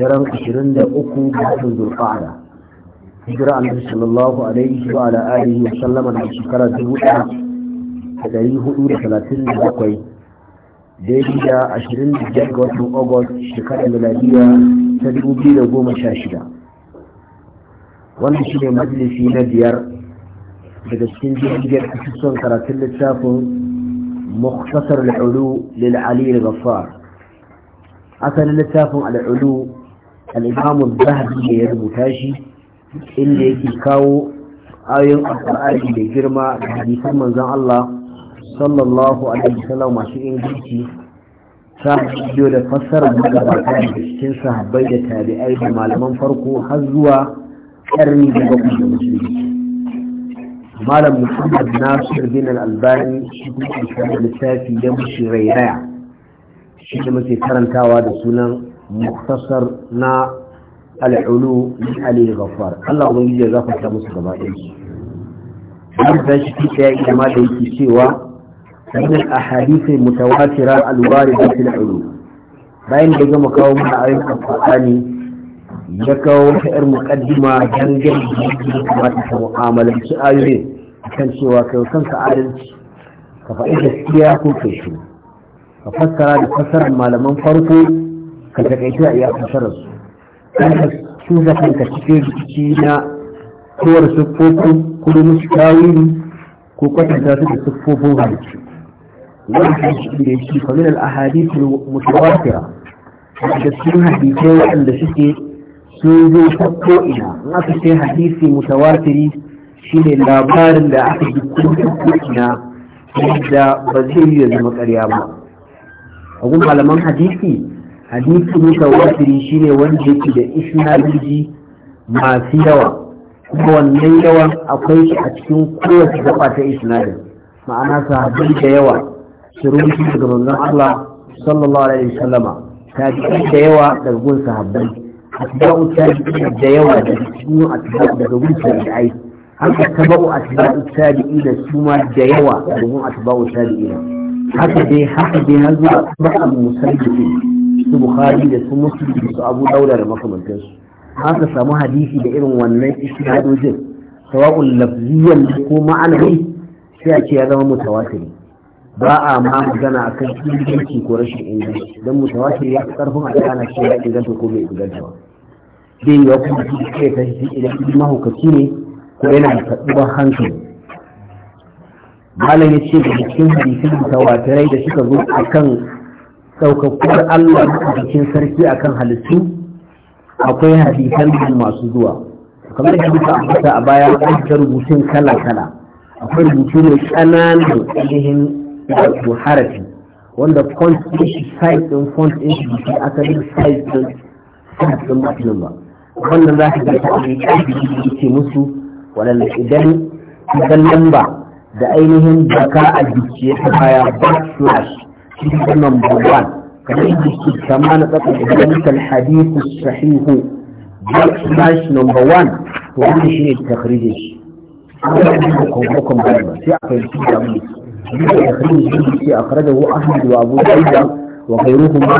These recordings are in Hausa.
daren 23 ga watan zulfa'ada hijira annabi sallallahu alaihi wa ala alihi wa sallama da shekara 1437 daidai da 25 ga watan august shekarar miladiya ta 2016 wanda shi ne majalisi na biyar daga cikin jirgin kasusun karatun littafin مختصر العلو للعلي الغفار أثر asalin littafin العلو al'imamu zahabi ne ya rubuta shi inda yake kawo ayoyin alƙur'ani da girma da hadisan manzon Allah sallallahu alaihi wasallam masu inganci ta biyo da fassarar magabata da cikin sahabbai da tabi'ai da malaman farko har zuwa ƙarni da bakwai da musulunci malam muhammad nasir bin al-albani shi kuma littafi da mushi rairaya shi da muke karantawa da sunan muktasar na al'ulu min ali gafar Allah ubangiji ya ta musu gaba ɗaya su da shi kisa ya ilma da yake cewa min al-ahadith al-mutawatira al da fil ulu bayan da gama kawo mana ayoyin alqur'ani ya kawo wata yar muqaddima dangane da kamata ta mu'amalanci ayoyin kan cewa kai kanka adalci ka faɗi gaskiya ko kai shi ka fassara da fassarar malaman farko ka takaitu a iya fasarar su kan ka kan kanka cikin rikici na kowar siffofin ko musu tawili ko kwatanta su da siffofin halittu wannan shi da yake famin al-ahadith mutawatira da cikin hadisai waɗanda suke sun zo ta ina, in aka ce hadisi mutawatiri shine labarin da aka ji ko'ina yadda ba zai yi da zama ƙarya ba a gun malaman hadisi hadisi mutawatiri shine wanda yake da isnadiji masu yawa kuma wannan yawan akwai shi a cikin kowace gaba ta isnadin ma'ana sahabbai da yawa su rubutu daga manzon Allah sallallahu alaihi wasallama tabi'i da yawa daga gun sahabbai atba'u tabi'i da yawa daga cikin atba'u daga gun tabi'ai haka tabau atba'u tabi'i da su ma da yawa daga gun atba'u tabi'i haka dai haka dai har zuwa atba'u musallimin su bukhari da su muslim da su abu dauda da makamantansu an ka samu hadisi da irin wannan isnadojin sawa'un lafziyan ko ma'anawi sai a ce ya zama mutawatiri ba a ma magana akan inganci ko rashin inganci don mutawatiri ya fi karfin a kana ce ya inganta ko bai inganta ba zai yi wata mutum kai ta shi idan mahaukaci ne ko yana da kaɗuwar hankali malam ya ce da cikin hadisin mutawatirai da suka zo akan ɗaukakkun Allah bikin sarki akan halittu akwai hadisan masu zuwa kamar da muka ambata a baya an ta rubutun kala kala akwai rubutu ne ƙananan ainihin wato harafi wanda font ɗin shi size ɗin font ɗin shi biki asalin size ɗin size ɗin matsalin ba wannan za ka gata a yi ce musu waɗanda idan idan lamba da ainihin baka a jiki ya ta baya backslash في نمبر 1 كما يجي كمان ذلك الحديث الصحيح بلاك سماش نمبر 1 وهذا شيء التخريج حكم غالبا في تخريج الذي أخرجه أحمد وأبو داود وغيرهما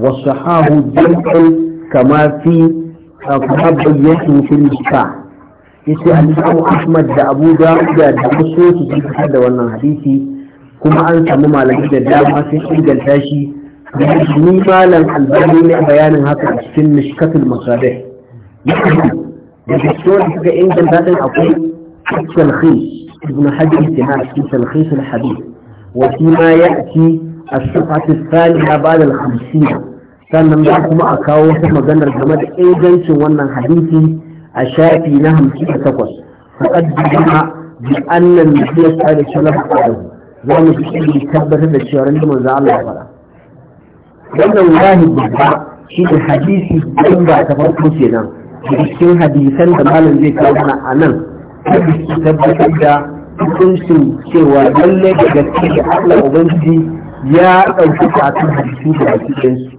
وصحاه جمع كما في كما بينته في المصباح يسأل أحمد أبو داود da musu su ji da wannan hadisi kuma an samu malamai da dama sun inganta shi ni malam albani ne bayanin haka a cikin mishkatul masadih da cikin suka inganta din akwai talkhis ibn hajar tana cikin talkhis al-hadith wa fi ma ya'ti as-sifat ath-thaniya ba'da al-50 sannan za kuma a kawo wata maganar game da ingancin wannan hadisi a shafi na 58 faqad bi anna an-nabiy sallallahu alaihi wasallam za mu fi tabbatar da cewa da manzo Allah ya fara wannan wahid babba shi ne hadisi din ba ta farko kenan cikin hadisan da malam zai kawo mana a nan su tabbatar da hukuncin cewa lalle da gaske da Allah ubangiji ya ɗauki kafin hadisi da baki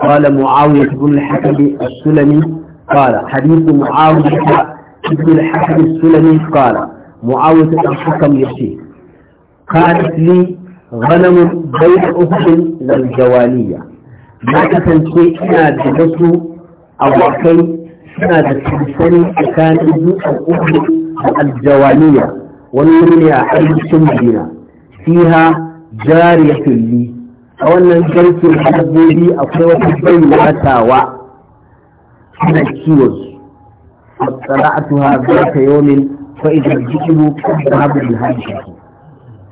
قال معاوية بن الحكم السلمي قال حديث معاوية بن الحكم السلمي قال معاوية الحكم يشيك قالت لي غنم بين أخت للجوالية ما kasance ina da wasu abokai suna da sansani tsakanin dutsen uku da aljawaniya wani wuri ne a arzikin madina fiha jariya tulli a wannan garkin dabbobi akwai wata baiwa tawa suna kiwon su a tsara'atu ha zaka yomin fa'idar jikibu kan zahabu da hajji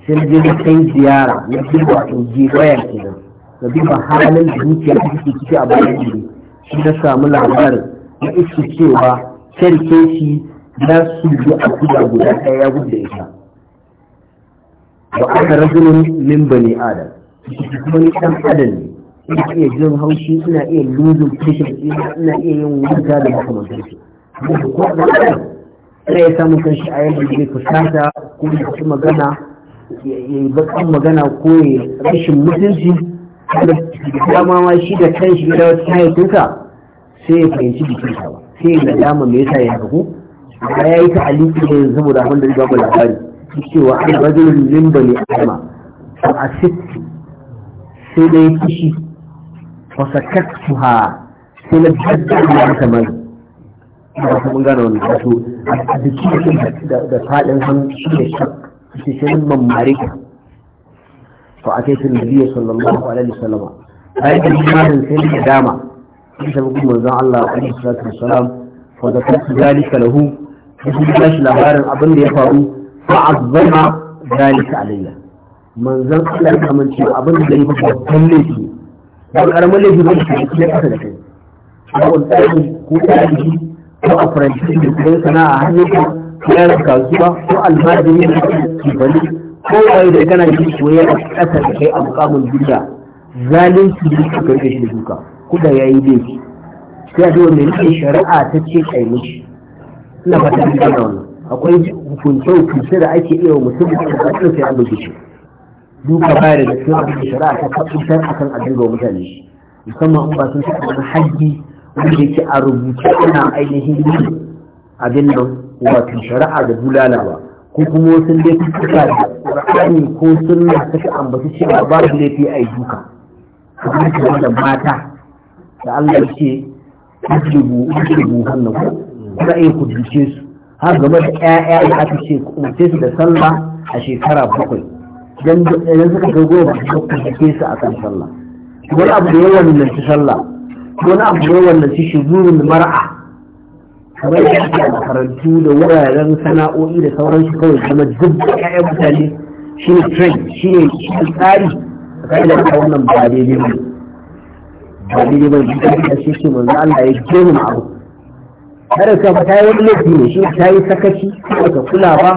sun je kai ziyara na duba wato giwayar kenan da bi halin da zuciya ta take ciki a bayan gari shi na samu labarin na iske cewa sarki shi na su bi a kuma guda ɗaya ya gudu da ita wa aka rajulun min bani adam kuma ni ɗan adam ne ina iya jin haushi ina iya lulun fushin ina iya yin wuta da makamantarsu ko da ya samu shi a yadda zai fusata kuma da magana ya yi bakan magana ko ya rashin mutunci da dama ma shi da kan shi da wata haifinka sai ya fahimci jikinsa ba sai ya dama me yasa ya haku ba ya yi ta aliki ne saboda abin da ya ba labari cewa an rajulun min a adama fa asitti sai da ya kishi fa sakattuha sai na jadda da ya kamar ba su mun gana wani kasu. a jiki da faɗin hannu shi da shi sai To a ka fa ataitu nabiyyi sallallahu alaihi wasallam ai da imanin sai da dama sai da gumin manzon Allah alaihi salatu wasalam fa da kasu zalika lahu sai da shi labarin abin da ya faru fa azzama ka alayya manzon Allah ya kamance abin da ya faru babban laifi ba karamin laifi ba ne ya kasa da kai ko tsari ko tsari ko a faranci da sana'a har yake kayan kasuwa ko almajiri da ke bani ko wai da kana yi soyayya a ƙasa da kai a mukamin duniya zalunci ne ke karfe shi duka kuda ya yi laifi sai a zo mai nufin shari'a ta ce kai mishi ina fata da wannan akwai hukunce hukunce da ake iya mutum da ta kasar sai an bugi shi duka baya da cikin abin da shari'a ta tabbatar akan abin ga mutane musamman in ba sun saka wani haji wanda yake a rubuce ana ainihin abin nan wato shari'a da bulala ba ko kuma wasu laifin suka da ƙar'ani ko sunna suka ambaci cewa ba su laifi a yi duka kamar kamar da mata da Allah ya ce kujibu kujibu hannu ku, kuma iya kujice su har gaba da ƴaƴa da aka ce kumce su da sallah a shekara bakwai idan suka ga goma su kujice su a kan sallah wani abu da yawan lantarki sallah wani abu da yawan lantarki shizurin mara'a kamar da ake makarantu da wuraren sana'o'i da sauransu kawai kuma duk kayan mutane shi ne trend shi ne tsari a ka'idar ta wannan ba daidai ba ba daidai ba shi da shi ce manzo Allah ya mu abu kada ka ta yi wani laifi ne shi ta yi sakaci ba ta kula ba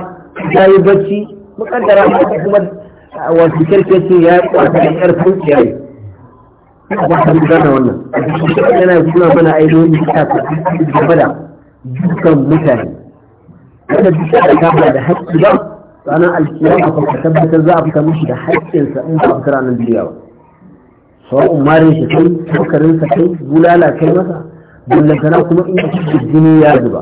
ta yi bacci mukaddara ma kuma wasu kirkiyar ce ya yi kwata da ƴar kunciya ne ba ta gudana wannan yana suna mana ainihin ta gaba da dukkan mutane wanda duk da ka da haƙƙi ba ranar alkiyama ko ka tabbatar za a fita mishi da haƙƙinsa in ba fita ranar duniya ba sawa'un umarin shi kai tokarin sa kai bulala kai masa ballantana kuma in ka jini ya zuba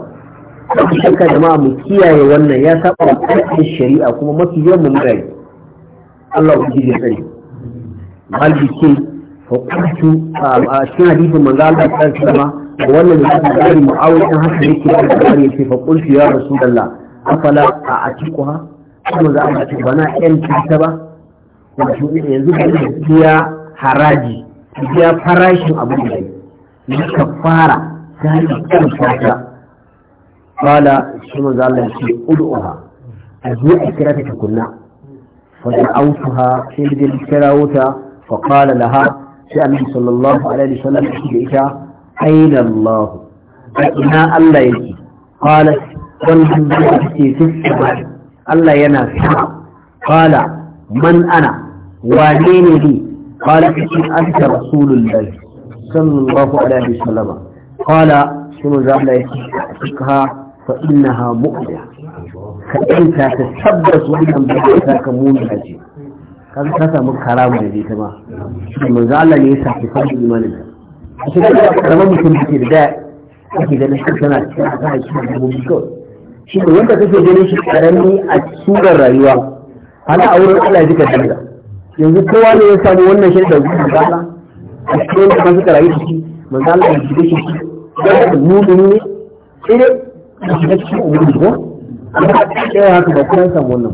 babu shakka jama'a mu kiyaye wannan ya saba wa ƙarfin shari'a kuma mafi yawan mu murayi Allah ubangiji ya tsare malbi ke fa a cikin hadisin manzo Allah sallallahu alaihi wannan da aka gari mu'awikin haka yake da gari yake fa qultu ya rasulullah afala a atiquha kuma za a ce bana yan ta ba wato yanzu ba da biya haraji biya farashin abu da ya fara ta yi kan fata qala shi manzo Allah ce ud'uha azu a kira ta kunna fa da'awtuha sai da kira wuta fa qala laha sai annabi sallallahu alaihi ita aina Allah a ina Allah yake qala wannan da ke cikin Allah yana sama qala man ana wane ne ni qala in anta rasulullahi sallallahu alaihi wasallam qala shunu za Allah yake ka fa innaha mu'mina ka inta ta tabbas wannan bai ta ka mu'mina ce kan ta samu karama da a shekarar karamar mutum da ke da daya ake ganin shi tana cikin a kan shi da mummi kawai shi ne wanda kake ganin shi karami a surar rayuwa ana a wurin Allah ya ji kadanga yanzu kowa ne ya samu wannan shi da gudu da a cikin da masu karayi da shi manzo Allah ya ji shi da mu'mini ne sai dai shi da shi ubangiji ko amma sai haka ba kun san wannan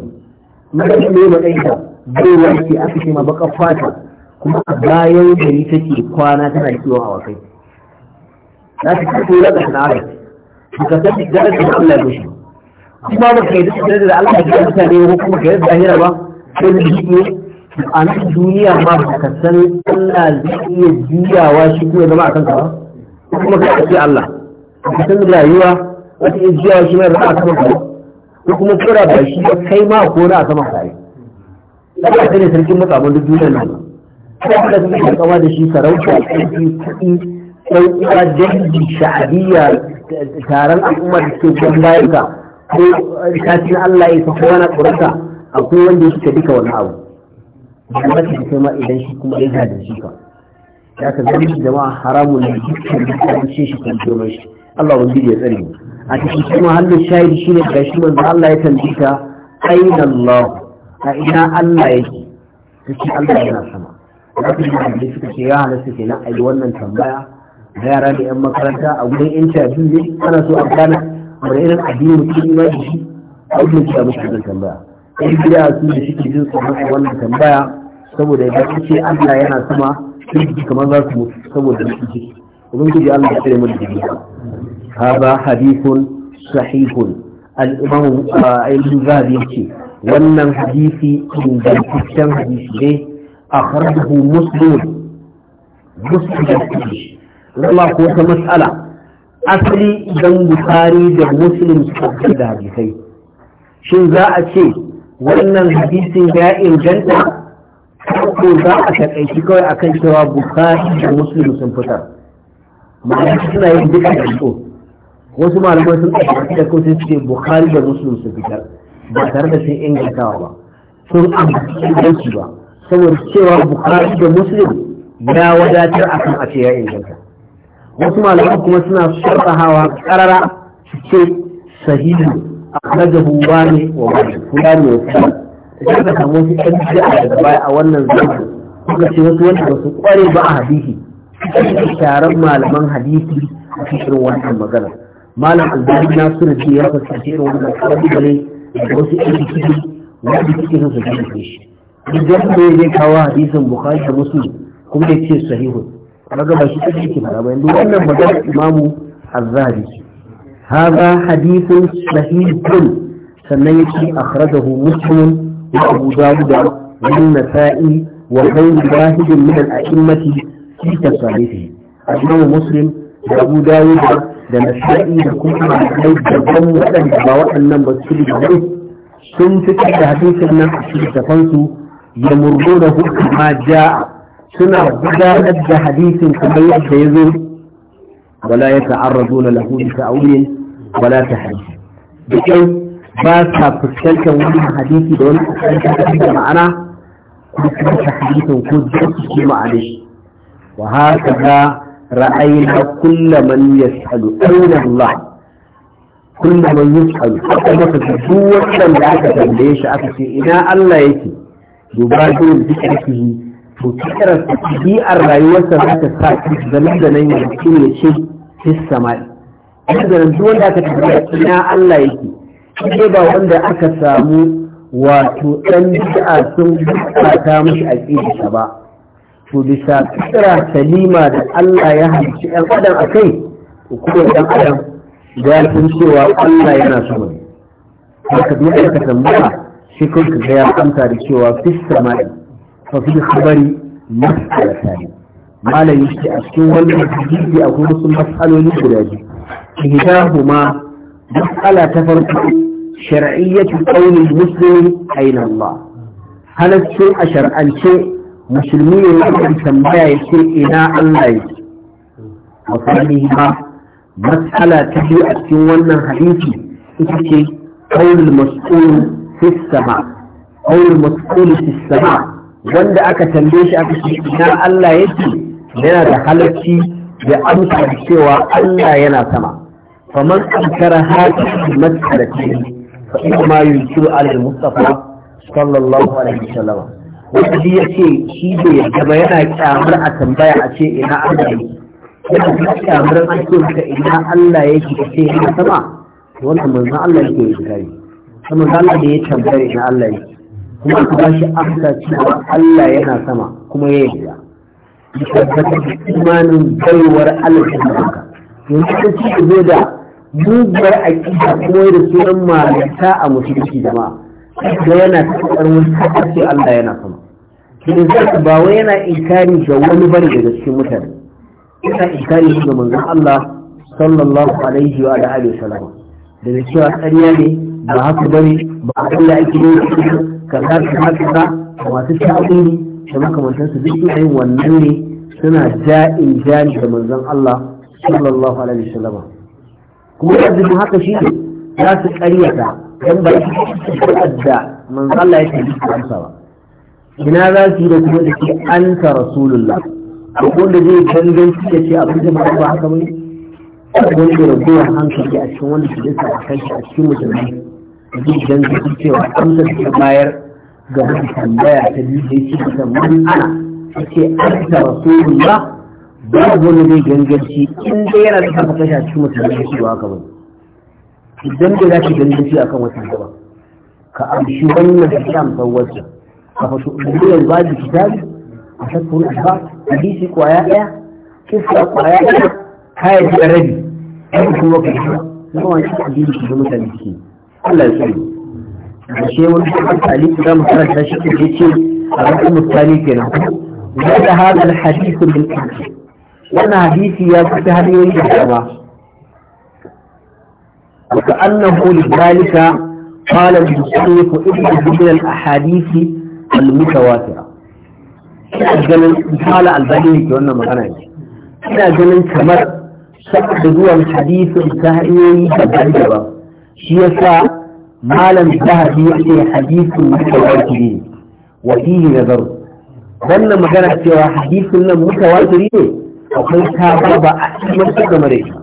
mun ga me matsayin ta. bai wani aka ce ma baka fata kuma a bayan gari take kwana tana kiwon awakai za ta kasu da ƙasa na awakai ka san da da Allah ya bushe kuma ba ka yi duk da da Allah ya mutane ko kuma kai da zahira ba sai da shi a nan duniya ma ba ka san Allah zai iya juyawa shi ko ya zama a kanka ba kuma ka ce Allah ka san rayuwa wata iya juyawa shi mai zama a kanka ba ko kuma kira ba shi ya kai ma ko na a saman kare Allah ne sarkin mutsamin duk duniyar nan ko da suke kama da shi sarauta kuɗi kuɗi ɗauka dangi sha'adiyya taron al'ummar da suke kan bayan ka ko kafin Allah ya sa kowa na tsoronka akwai wanda ya suka duka wani abu da amma ka kai ma idan shi kuma ya da shi ka ya ka zama jama'a haramun ne dukkan dukkan shi shi kan domin shi Allah wani ya tsare mu a cikin kuma hannun shahidi shi ne ga shi manzo Allah ya tambita aina Allah a ina Allah yake sai Allah yana sama wasu malamai suka ce ya halatta kenan a yi wannan tambaya na yara da 'yan makaranta a wurin interview ne ana so a gana wani irin addini mutum ma da shi a wajen a musu wannan tambaya yan gida su da shi ke jin tsoron a wannan tambaya saboda ya ga ce Allah yana sama sun kamar za su mutu saboda mutum ciki ubangiji Allah ya tsare mu da jami'a هذا حديث صحيح الإمام أيضا ذهب يحكي wannan hadisi ingantaccen hadisi ne akhrajahu muslim muslim zama ko ta mas'ala asali idan bukari da muslim suka da hadisai shin za a ce wannan hadisin ya inganta ko za a taƙaici kawai akan cewa bukari da muslim fitar ma'ana suna yin duka da so wasu malamai sun ɗauki da ko sun ce da muslim fitar ba tare da sun ingantawa ba sun amince da ba saboda cewa bukari da muslim ya wadatar akan a ya inganta wasu malaman kuma suna shartahawa karara su ce sahihu a rajahu wani wa wani kula ne wasu da ka samu wasu ɗan a daga baya a wannan zamani kuka ce wasu wanda ba su kware ba a hadisi suka malaman hadisi a cikin wannan magana malam albani na suna ce ya fuskanci irin wannan kalubale da wasu ɗan ji'a wanda suke son su gane shi duk da ya kawo hadisin bukhari da muslim kuma ya ce sahihun kaga ba shi kake ki fara ba yanzu wannan magana imamu az-zahabi hadha hadithun sahihun sannan yace akhrajahu muslim wa abu dawud wa an-nasa'i wa ghayr wahid min al-a'immati fi tasarifihi al-imam muslim da abu dawud da nasa'i da kuma da kuma waɗanda ba waɗannan ba su sun fitar da hadisin nan a cikin su yamurrunahu kama jaa suna gudanar da hadisin kamar yadda ya zo wala ya ta'arrazuna lahu bi ta'awil wala tahdith dukan ba sa fuskantar wani hadisi da wani fuskantar da ma'ana فكرة حديث قدس في معلش وهكذا رأينا كل من يسأل أين الله كل من يسأل حتى ما تدور كم لعكة ليش أكسي إنا الله يكي yubadir bi irkihi to kirar ɗi'ar rayuwarsa za ta sa da nan da nan ya ce ya ce fissa mai da nan duk wanda aka tafiya ina Allah yake shi ba wanda aka samu wato ɗan bid'a sun bukata mashi aƙidarsa ba to bisa kira salima da Allah ya halicci ɗan adam a kai kuma ɗan adam da ya san cewa Allah yana so ne haka duk da ka tambaya shi kanka ga ya amsa da cewa fi sama'i fafi fi khabari mas'alata ne malam yake a cikin wannan a kuma wasu matsaloli guda biyu ihdahuma mas'ala ta farko shar'iyyatu qawli muslim ayna ba. halaccin a shar'ance musulmi ne yake tambaya yake ina Allah ta وصحبهما a cikin wannan ونن ita ce قول المسؤول fi sama aul mas'ul fi sama wanda aka tambaye shi aka ce ina Allah yake yana da halacci da amsa da cewa Allah yana sama faman ankara hati mas'alati fa inna ma yunkiru alal mustafa sallallahu alaihi wasallam wanda yake shi da yadda ba yana kyamar a tambaya a ce ina Allah yake yana kuma kyamar an ce ina Allah yake ce yana sama wannan manzon Allah yake yi kuma Allah da ya tambaye na Allah ne kuma aka ba shi amsa cewa Allah yana sama kuma ya yarda ya tabbatar imanin baiwar Allah ta haka yanzu ta ci zo da muguwar aƙida kuma da sunan malanta a musulunci jama'a da yana tsakar wani kasar ce Allah yana sama shi zai ba wai yana inkari ga wani bane daga cikin mutane yana inkari ga manzon Allah sallallahu alaihi wa alihi wa sallam da cewa ƙarya ne ba haka bane ba Allah yake yi kaza kaza kaza masu ne, da makamantansu duk suna yin wannan ne suna ja'in jani da manzon Allah sallallahu alaihi wa sallama. kuma yanzu haka shi ne za su ƙaryata dan ba su da manzon Allah yake yi amsa ba ina za su yi da kuma da ke anta rasulullah akwai wanda zai ganganci ya ce abin da ba haka bane wanda raguwar hankali a cikin wanda su sa a kan shi a cikin musulmi yanzu idan zai cewa amsa ta bayar ga wani tambaya ta biyu da yake da mun ana ake ba rasulullah babu wani zai ganganci in dai yana da kafa kashe a cikin mutane da cewa ka bane idan da za ki ganganci a kan wata gaba ka amshi wannan da ta amsa wacce ka fasu ulumiyar ba da kitabi a shakkun ba hadisi kwaya ɗaya kisa kwaya ɗaya kayan da rabi kuma ka shi kuma wani hadisi da mutane suke Allah ya sani da shi wani shafin talib za mu karanta shi ke ce a rasu mutane ke nan da hada alhadisu min kanki wannan hadisi ya fita hanyoyi da dama وكأنه لذلك قال المصنف ابن من الأحاديث المتواترة ina ganin misala albani ke wannan magana ne ina ganin kamar saboda zuwan hadisin ta hanyoyi daban-daban shi yasa malam zahabi yake hadisin mutawatir ne wa fihi nazar wannan magana cewa hadisin nan mutawatir ne akwai ta ba a cikin ta game da shi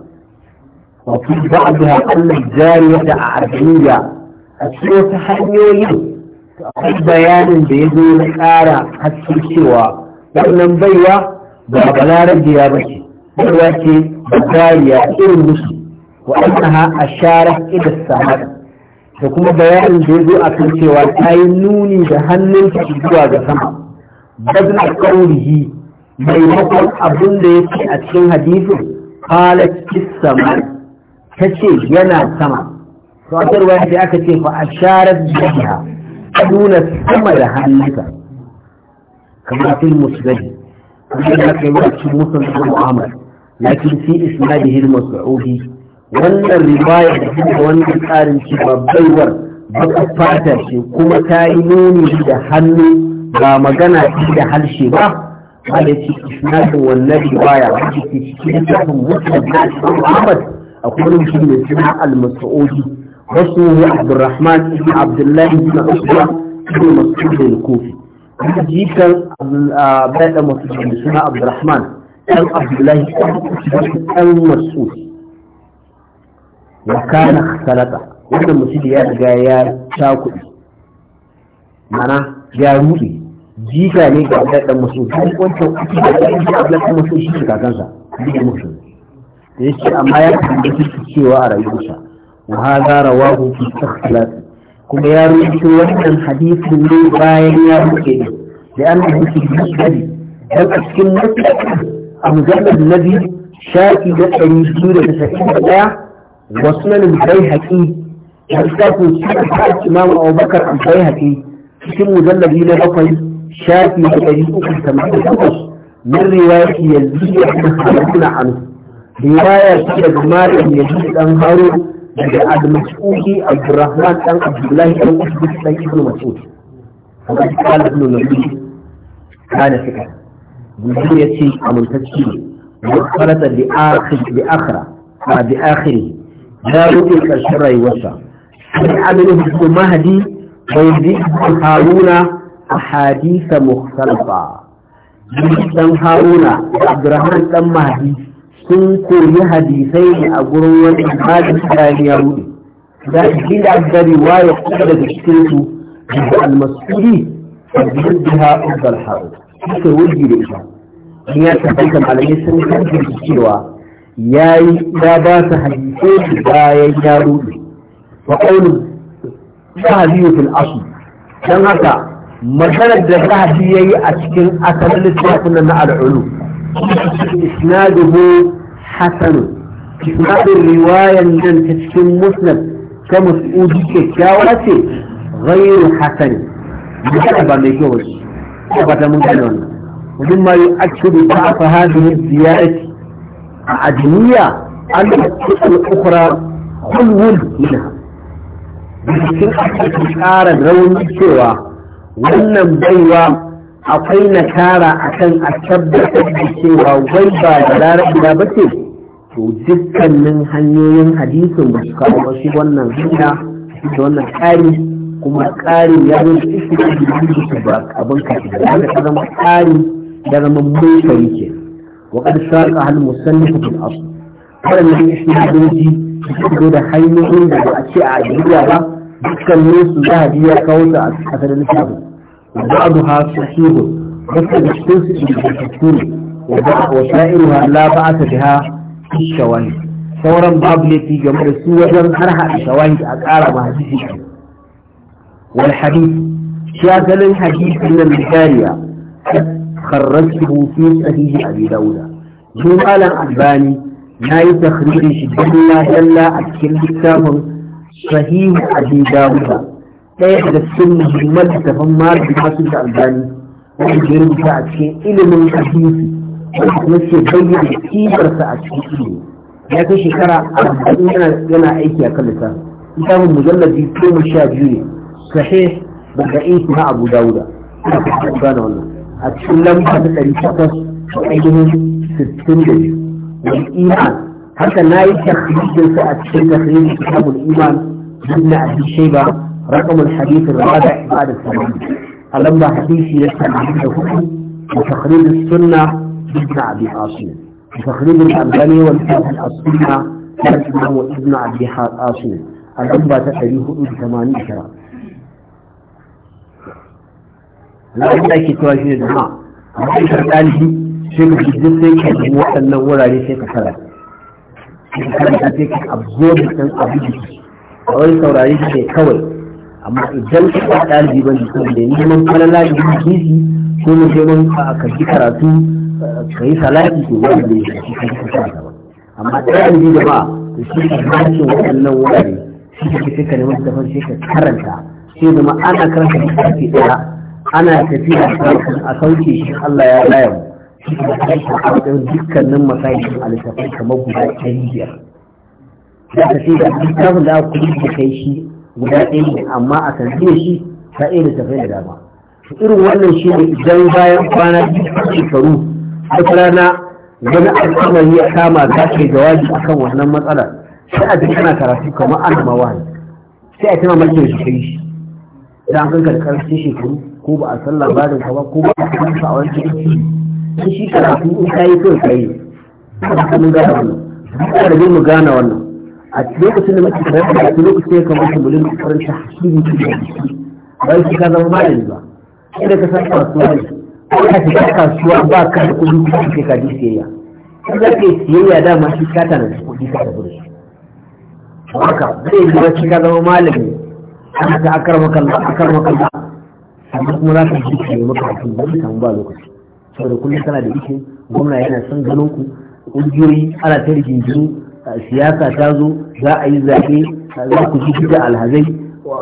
wa fi ba'daha Allah jariya da arbiya a cikin ta hanyoyin akwai bayanin da ya zo na ƙara haske cewa wannan baiwa ba balarabiya ba ce baiwa ce ba jariya irin musu wa annaha ashara ila samad da kuma bayanin da a kan cewa ta yi nuni da hannunta zuwa ga sama badna qawlihi maimakon abin da ya yake a cikin hadisin qalat fis samad tace yana sama to a tarwa sai aka ce fa asharat biha nuna sama da hannunta kamar fil musnad kamar da kai wa cikin musulmi Muhammad lakin fi isnadihi al-mas'udi wannan riwaya da kuma wannan tsarin ci babbaiwar baka fata ce kuma ta yi nuni da hannu ba magana ce da harshe ba wanda ce isnadin wannan riwaya wanda ke cikin lissafin mutum da Muhammad a kullum shi ne suna al-Mas'udi wasu ne Abdurrahman ibn Abdullahi ibn Usman ibn Mas'ud al-Kufi wanda jikan ah, bayan Mas'ud suna Abdurrahman ɗan Abdullahi ɗan Mas'ud wa kana salata wannan mutum ya riga ya sha kuɗi mana ya ruɗe jika ne ga Abdullahi dan Mas'ud duk wancan ake da ya Abdullahi dan Mas'ud shi kakansa duk mutum da yake amma ya kasance cewa a rayuwarsa wa hadha rawahu fi ikhtilaf kuma ya rubuta wannan hadisin ne bayan ya rubuce ne da an rubuta musnadi dan a cikin mutum a da nabi shafi da 291 wasu nan bai haƙi da littafin sunan imam abubakar bai haƙi cikin mujallabi na bakwai shafi na ɗari uku da tamanin takwas min riwayati yazid ibn harun an riwaya ce daga malam yazid dan harun daga al-mas'udi abdurrahman dan abdullahi dan usbus dan ibn mas'ud kaga qala ibn nabi kana fika gudu yace amintacci ne wa qarata bi ya rufe ƙarshen rayuwarsa sai abin hukumar mahadi bai ji haruna a hadisa mukhtalfa ɗan haruna da abdurrahman dan mahadi sun koyi hadisai ne a gurin wani hadis bayan ya rude da shi da aka riwaya kuma daga cikin su da almasuri da yadda ubal haru suka wuce da ita in ya tabbata malamai sun kan cewa ياي لا باس حديثين بايين يارون وقولوا شهدية الأصل كان هذا مثلا جبهة ياي أشكل أسل لسيحكنا مع العلوم إسناده حسن إسناد الرواية من تشكل مسند كمسؤولية كاولتي غير حسن مثلا بانيكوش وقتل مجنون ومما يؤكد بعض هذه الزيارة عدمية أن القصة الأخرى خلو منها بسن أكثر إشارة روني سوى wannan baiwa akwai nakara akan a tabbatar cewa wai ba da larabila ba ce to dukkanin hanyoyin hadisin ba su kawo wannan hanya da wannan ƙari kuma ƙari ya zo da ishi da ba abin ka zama da وقد شارك أهل المسلم في الأصل قال النبي احتمالوجي تكتبه ده حيوين ده أشياء عجيبة ده dukkan nusu za a biya kawo ta a sanar lissafi wa abu ha su shigo wasu da cikin su ingantattu ne wa sha'iru ha la ba a tafi ha shawani sauran babu laifi game da su wajen har haɗa a ƙara ma hadisi hadisi shi kharrajtuhu fi sahih abi dawud mun alan albani nayi takhrijin shi dalla dalla a cikin littafin sahih abi dawud da daga cikin muhimman littafin malik masu da albani wanda ya rubuta a cikin ilimin hadisi kuma ke bayyana kibarsa a cikin ilimi ya kai shekara arba'in yana aiki akan kan littafin littafin mujallabi goma sha biyu ne sahih daga abu a cikin lamba ta ɗari takwas da ainihin sittin da biyu wal iman haka na yi tafsirin sa a cikin iman رقم الحديث الرابع بعد الثمانين لما حديث يستعمل حكم وتخريج السنة ابن أبي عاصم وتخريج الألباني والفتح السنة الإمام ابن أبي عاصم الأنبا تحريه ثمانين شرع abin da ake cewa shi ne dama amma in ka ɗalibi sai ka ji sai ka ji waɗannan wurare sai ka karanta sai ka karanta sai ka absorb ɗan abin a wani saurari shi ne kawai amma idan ka ba ɗalibi ban jikin da neman falala da jiki ko ne neman ka ji karatu ka yi salati to wani ne shi ka ji kusa ba amma ɗalibi da ba da shi ka dace waɗannan wurare shi ka sai ka neman tafan sai ka karanta sai zama ana karanta littafi ɗaya ana tafiya a sauke shi Allah ya raya mu ɗin dukkanin masayin alisafai kamar guda ɗari biyar da ta ce da littafin da aka kuɗi da kai shi guda ɗaya ne amma a tafiya shi ta iya littafai da dama irin wannan shi ne idan bayan kwana biyu shekaru wata rana wani al'amari ya kama za ka yi jawabi akan wannan matsalar sai a ji kana karatu kamar an mawani sai a tana mulkin shi kai shi da an kanka da ƙarfin shekaru ko ba a san labarin ka ba ko ba a san sa a wani cikin shi shi karatu in kai kai kai ka mun gane wannan duka da mu gana wannan a lokacin da muke karatu a lokacin da ya kamar su bulin karanta hasiri ki da Ba shi ka zama malami ba kada ka san kasuwa ne ko ka shiga kasuwa ba ka da kuɗi ka shiga ka ji siyayya in za ka yi siyayya dama shi ka tana da kuɗi ka tafi da shi haka zai yi ba shi ka zama malami haka akar makalla akar makalla amma kuma za ka ji ne maka hakan ba ta samu ba lokaci saboda kullum kana da ike gwamna yana son ganin ku ƙungiyoyi ana ta rigingimu siyasa ta zo za a yi zaɓe za ku ji da alhazai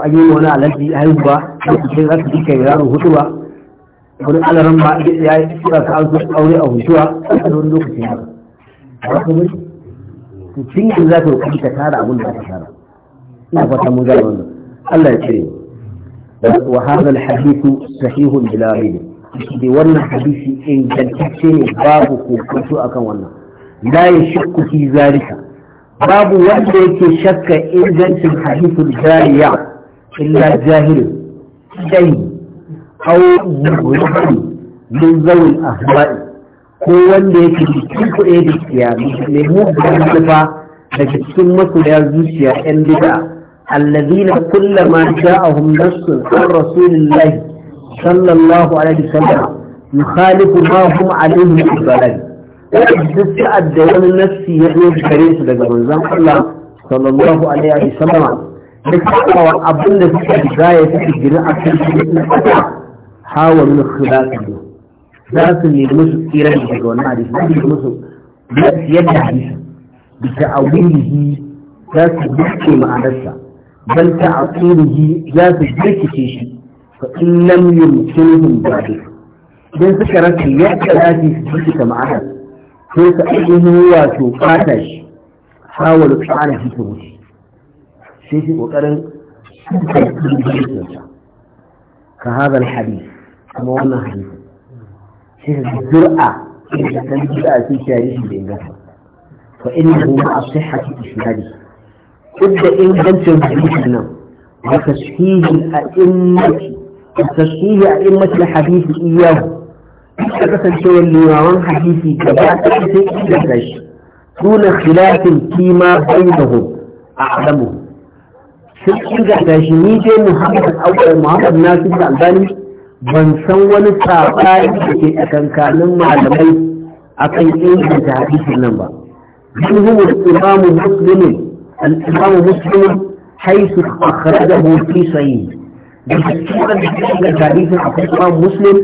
an yi wani alhaji haihuwa za ku ce za ku ji kai yaro hutuwa wani alaran ma ya yi kira ka an aure a hutuwa a wani lokaci haka ba ku bai to cin yanzu za ka yi ka tara abin da aka tara ina fata mun gane wannan Allah ya ce وهذا الحديث صحيح بلا ريب دي wannan hadisi ingantacce ne babu kokonto akan wannan la yashku fi zalika babu wanda yake shakka ingancin hadithul jariya illa jahil dai aw muhrim min zawil ahwa'i ko wanda yake cikin kuɗe da kiyami ne mu da daga cikin masoya zuciya 'yan bid'a الذين كلما جاءهم نص عن رسول الله صلى الله عليه وسلم يخالف ما هم عليه من البلد duk sa'ad da wani nassi ya zo kare su daga manzon Allah sallallahu alaihi wa sallam duk kawo abin da suka riga ya suke gina a kan shi hawa min khilafi za su nemi su tsira daga wannan hadisi za su su su ma'anarsa بل تعطيله لا تدرك شيء فإن لم يمكنهم ذلك إذن سكرت يأتي في ذلك معها كيف أنه وتقاتش حاولوا تعالى في ثبوتي شيء في كهذا الحديث كما وانا حديث شيء الجرأة إذا كان الجرأة في شاريه بإنجاز فإنه مع صحة إسناده duk da ingancin hadisin nan wa tashihi a'immati tashihi a'immati al-hadisi iyahu ta kasancewar limaman hadisi gaba ta sai inganta shi duna khilafin kima a a'lamu sun inganta shi ni dai Muhammad Awwal Muhammad Nasir Albani ban san wani sabani da ke tsakankanin malamai a akan inganta hadisin nan ba. Jumhur Imam Muslim الإمام مسلم حيث أخرجه في صحيح بالتأكيد أن هذا الحديث عن الإمام مسلم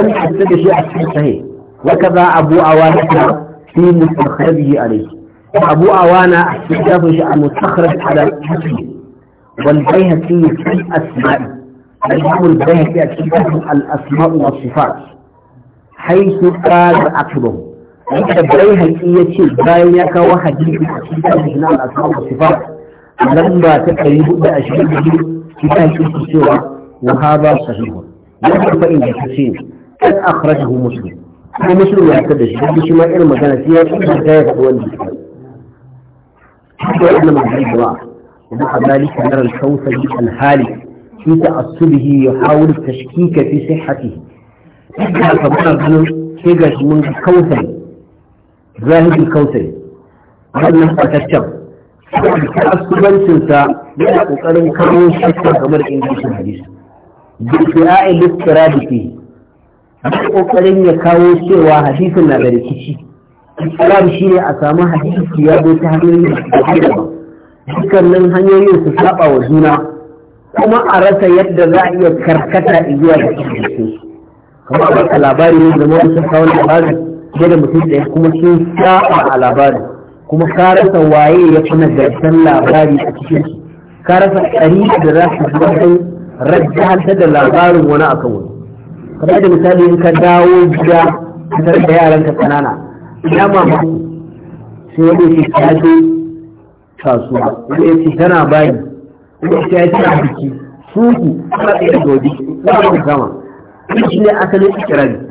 لم يحدد شيء عن صحيح وكذا أبو عوانة في مستخرجه عليه أبو عوانة عن المستخرج على الحديث والبيهقي في الأسماء الإمام البيهقي في الأسماء والصفات حيث قال أقربه wanda bai haƙi ya ce bayan ya kawo hadisi a cikin tarihi na al'asar da sifa lamba ta ɗari hudu a shirin da biyu kita yake cewa wa haza sahihu ya karfa inda ta ce kan akhrajahu muslim kuma muslim ya fitar da shi duk shi ma irin magana sai ya fitar da ya faɗi wanda ya faɗi wannan magana jama'a ومع ذلك نرى الكوثري الهالك في تأصله يحاول التشكيك في صحته. إذا فبنا الغنم كيف من الكوثري zahidul kausai wannan fataccen asubancinsa yana kokarin kawo shakka game da ingancin hadisi bi'a'il istirabiki da kokarin ya kawo cewa hadisin na da rikici shi ne a samu hadisi ya zo ta hanyoyin da ba dukkanin hanyoyin su saba wa juna kuma a rasa yadda za a iya karkata zuwa da cikin su kamar labari ne da mawacin kawo labarin fiye da mutum ɗaya kuma sun saba a labarin, kuma karasa waye ya fi nagartan labari a cikin su Karasa rasa ɗari da za su zuwa kai rajahanta da labarin wani akan wani kamar da misali in ka dawo gida ka tare da yaranka kanana Ya mamaki sai wani ya ce ta je kasuwa wani ya ce tana bayi wani ya ce ya ce biki suku ana tsaye da gobe wani ya kama shi ne asalin ikirari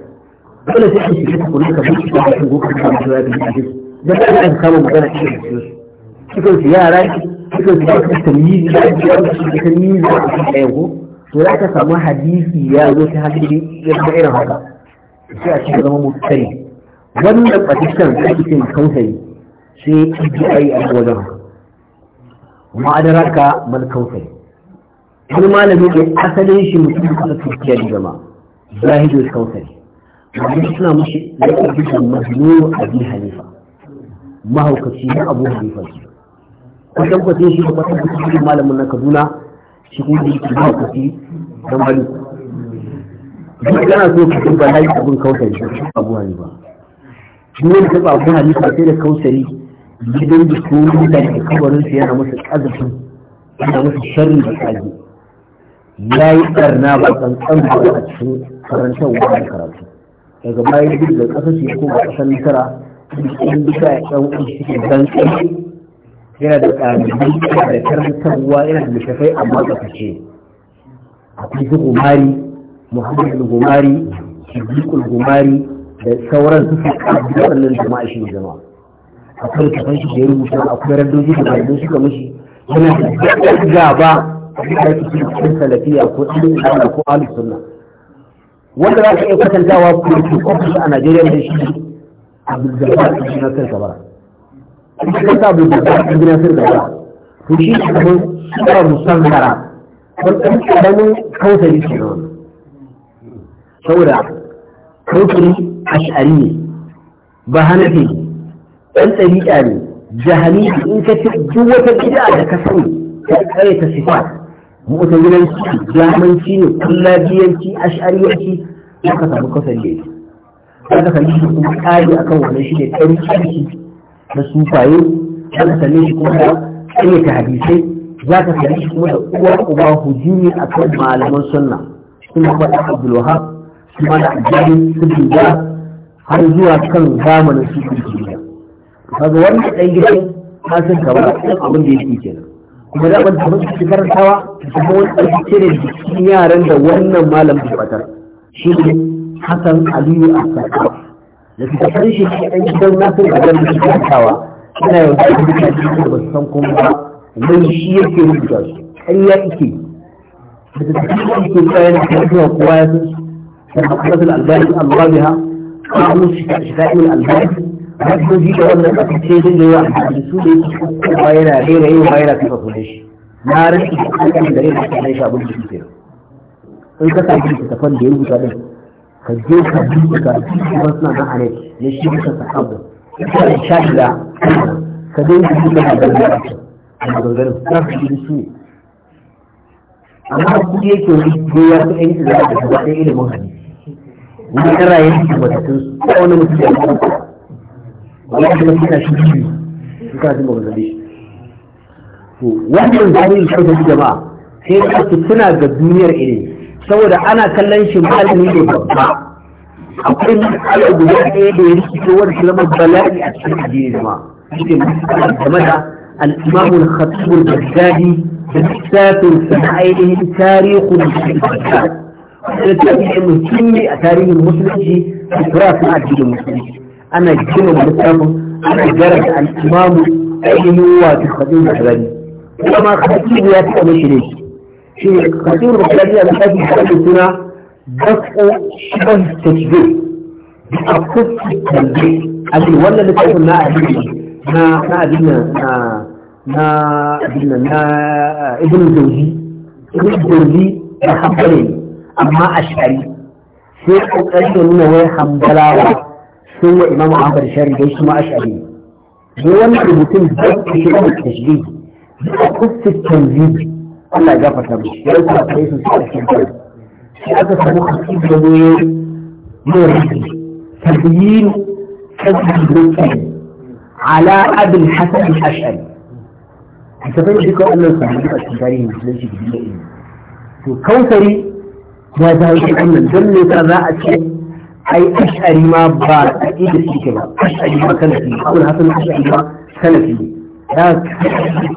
dole sai an shiga kuma ka bi shi da kuma ka kama da ya bi shi da ka an kama magana shi da shi cikin su yara cikin su da su tamyizi da su da su tamyizi da su ta yango to za ka samu hadisi ya zo ta hadisi ya zama irin haka sai a cikin zama mutane wannan batistan da ake cin kautari sai ya ci ai a wajen haka ma'adaraka mal kautari wani malami ne asalin shi mutum da kuma tafiya da jama'a zahidul kautari domin suna mushi da ƙarfi da mazmuru abi halifa, mahaukaci na abu hanifa ce kwatan kwatin shi da kwatan kwatin shi malamin na kaduna shi kuma da yake mahaukaci na malu duk yana so ka duba layi abin kautari da abu hanifa shi ne da taɓa abu hanifa sai da kautari gidan da kuma mutane da kabarinsu yana masa ƙazafin yana masa sharri da ƙazi ya yi ɓarna ba tsantsan ba a cikin karantarwa da karatu daga bayan gudu da ƙasar su ya koma ƙasar nasara in duka ya ɗan uku cikin dan yana da ɗalibai yana da karantarwa yana da littafai amma tsakace akwai su gumari muhammadu gumari shigikul gumari da sauran su su fi waɗannan jama'a shi ne jama'a akwai littafan shi da ya rubuta akwai radoji da bayan suka mashi yana da gaba a cikin salafiya ko ɗan ko alusunna wanda za ka iya kwatantawa ku kurki ofis a Najeriya da shi Abdul Jabbar a cikin Nasir Kabara kuma ka sa Abdul a cikin Nasir Kabara to shi ne kamar sura musallara wani ɗan ƙaramin kautari ke nan saboda kautari ash'ari ne ba hanafi ne ɗan ɗariƙa ne jahani in ka ci duk wata bid'a da ka sani ka ta sifat mu'tazilanci jamanci ne kullabiyanci ash'ariyanci za ka samu kasar da ita za ka kalli shi kuma ƙari akan wannan shi ne ƙarfi da sufaye za ka kalle shi kuma da ƙayyata hadisai za ka kalle shi kuma da uwa uba hujumi akan malaman sunna suna faɗa abdul wahab suna da ajiyar su har zuwa kan zamanin su kuma kaga wannan ɗan gidan ka san kamar abin da yake kenan kuma da abin da abin da ke karantawa kuma wani ɗauke ne cikin yaran da wannan malam ke fatar shi ne hasan aliyu a sarkawa da su tafar shi ke ɗan gidan nasu da zan da karantawa yana yau da abin da ke da ba san kuma ba wani shi yake rubuta su ƙarya ike da ta tafi da ike tsaye da karantawa kowa ya san su da hasan albani allah biha kawo shi ta shi ta'il albani hajjoji da wannan a fice sun da yawa a su da yake kuma yana rera yau ma yana kafa kudin shi na rashi kan da rera kan shi abin da suke in ka sa shi ta fan da ya rubuta din ka je ka bincika kuma suna nan a ne ya shi ka sa abu ka da shi da ka dai ka duka da gangan a maganganun na su yi su ne amma kudi yake wani goya su ɗan yi da za a da gaba ɗaya ilimin hadisi wani kara yanki matattun su ko wani mutum ya wani da suka shi shi suka ji ba zai to wannan zamanin karfin jama'a sai ka tuna ga duniyar ilimi saboda ana kallon shi malami ne babba akwai matsala guda ɗaya da ya rikice wani kalmar bala'i a cikin addini jama'a yake matsala game da al-imamu al-khatib al-baghdadi da littafin sa na ainihin tarihu al-baghdad da tafi a tarihin musulunci da kura addinin musulunci ana gina da littafin ana garanta al'imamu ainihin wato khatib al-baghdadi kuma khatib ya taɓa mashi ne shi ne khatib al-baghdadi ya tafi da suna dafu shan tajbir a kufi kalbi a ce wannan littafin na addini na na addini na na addini na ibn jawzi ibn jawzi da hanbali amma ashari sai kokarin nuna wai hanbalawa هو إمام عمر الشاري جيس ما أشعري هو أنه يمكن بك شيء من التشجيل بكفة التنزيل الله جافة نبي يا إسراء قريسة التنزيل سيادة سبوك كيف جميل مرحب تبيين كذب الوكين على أبي الحسن الأشعري أنت فين بك أنه يمكن بك التنزيل من تلجي بالله كوثري ما زالت أن الجنة رأت ai ash'ari ma ba a ƙi da suke ba ash'ari ma salafi ne abul hasan ash'ari ma salafi ne Ya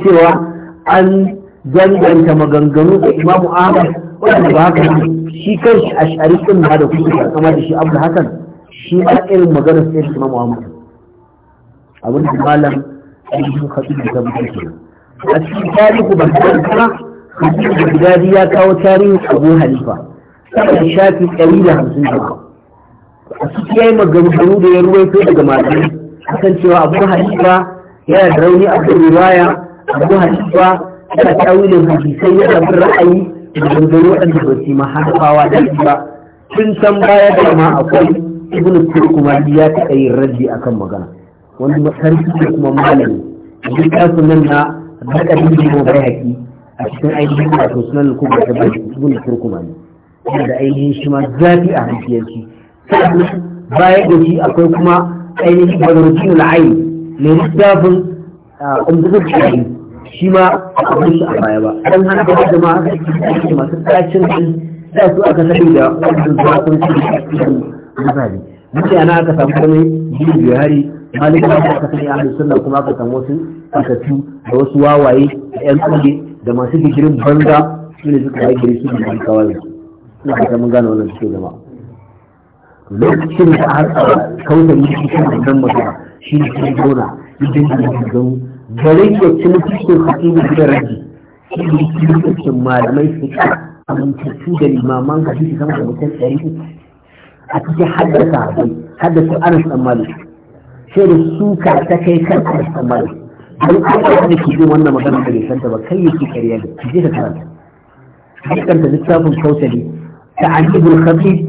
cewa an danganta maganganu da imamu ahmad wanda ba haka shi kanshi ash'ari din ma da kuma kama da shi abul hasan shi ma irin maganar sai imamu ahmad abin da malam ainihin khatib da tabbata ke a cikin tarihi ba kuma khatib da ya kawo tarihin abu halifa sai shafi 150 da hamsin a cikin yayin maganganu da ya ruwaito daga malamai akan cewa abu hanifa yana da rauni a kan riwaya abu hanifa yana tawilin sai yana bin ra'ayi da maganganu waɗanda ba su ma harfawa da shi ba tun san baya da ma akwai ibnu turkumani ya taɓa yin a akan magana wani masarki ne kuma malami duk kasu nan na baka ɗin ko bai haƙi a cikin ainihin wato sunan kubra da bai ibnu turkumani yana da ainihin shi ma zafi a hankiyarci sannan bayan da shi akwai kuma ainihin badarcin la'ayi mai littafin ƙundurar shari'i shi ma a abin su a baya ba don hana da da ma ake masu tsacin su da su aka sani da wajen zafin shi da cikin misali mace ana aka samu kuma biyu biyari malika da aka sani a hannun kuma aka samu wasu akatu da wasu wawaye da yan kuɗi da masu digirin banza su ne suka yi gari su da malikawa yanzu. Ina fata mun gane wannan suke jama'a. lokacin da aka kautar yi shi kan nan mutum shi ne kan gona idan da yake gano garin ya ci mutuncin hakimu da raji shi ne ci malamai su ka amintattu da limaman hadisi sama da mutum ɗari uku a cikin haddasa haɗai haddasa ana ɗan sai da suka ta kai kan anas ɗan malik don aka da ke jin wannan magana da bai santa ba kai yake ƙarya da ki je ka karanta. Hakikanta littafin kautali ta Ali Ibn Khatib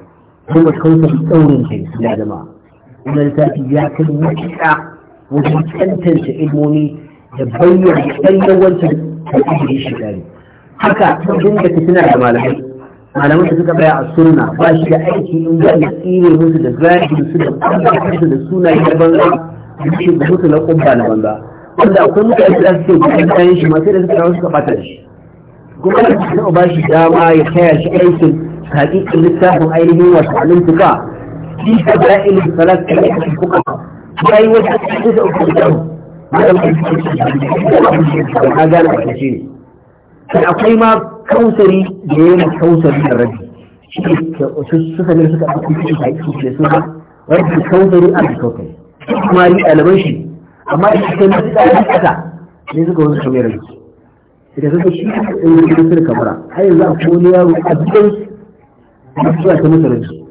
kuma kautar tsaurin shi ya jama'a wannan littafi ya kai matuƙa wajen tantance ilmomi da bayyana ɗanyen wancan tarihi shi dare. haka sun dinga fitina da malamai malamai da suka baya a sunna ba shi da aiki in ba ya tsire musu da zahiri su da kwanza da sunaye na banza da shi da musu na kumba na banza wanda akwai mutane da suke gudun kayan shi masu da suka kawo suka bata da shi kuma da suka ba shi dama ya kaya shi aikin حقيقة للتاهم عينه وتعلمتك في فضائل الصلاة كلها في الفقهاء لا يوجد جزء كله هذا الأساسي akwai ma kausari da yana kausari da rabi shi su sami suka ɗauki shi a ciki da suna rabi kausari a da kausari kuma ri ɗaliban shi amma shi kai suka yi kasa ne suka wasu kamar rabi da suka shi a ɗin da suka kamara har yanzu a kone yaro a gidansu kuma suna ta musulunci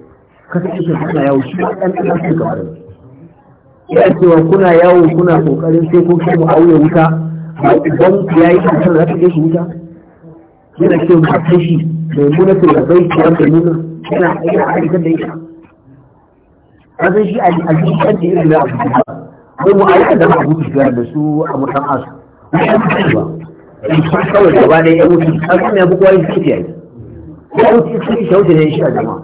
kasance suna yawo shi ɗan ɗan su kamar ya cewa kuna yawo kuna ƙoƙarin sai ko shi mu'auya wuta ba idan ku yayi kasar za ta kai shi wuta yana ce mu kai shi mai muna ta da bai kiyar da nuna yana aiki a aikin da ita kasan shi a jikin da a na abu ko mu aika da abu shigar da su a mutan asu ba in kawai gaba ne ya mutu kasan ya bukwa yin tafiya ya wuce shi ne shi a jama'a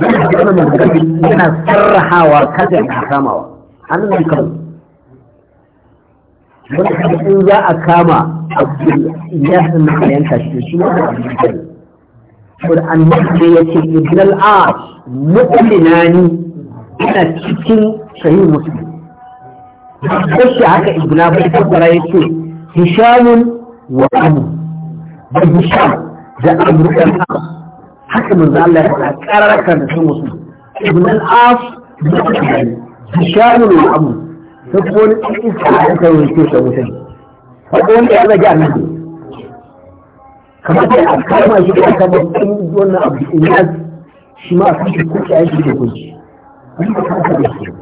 yana da wannan mutum yana sarrahawa kada ka kamawa an nan kan wanda ka in za a kama abdul ya san na yanka shi shi ne da abdul kai saboda annabi ya ce, ibn al-ash mu'minani ina cikin sahih muslim shi haka ibn abi ya ce, hishamun wa amu da hisham da amurkan as haka manzo Allah ya faɗa ƙararraka da sun wasu ibn al-as da kudani bisharul amr sai ko ni iska da kai wuce ta wutan. faɗo wanda ya zage annabi kamar sai a kama shi da aka ba kun wannan abu ina shi ma a kashe kuka ya shi da kunci an ka kasa da shi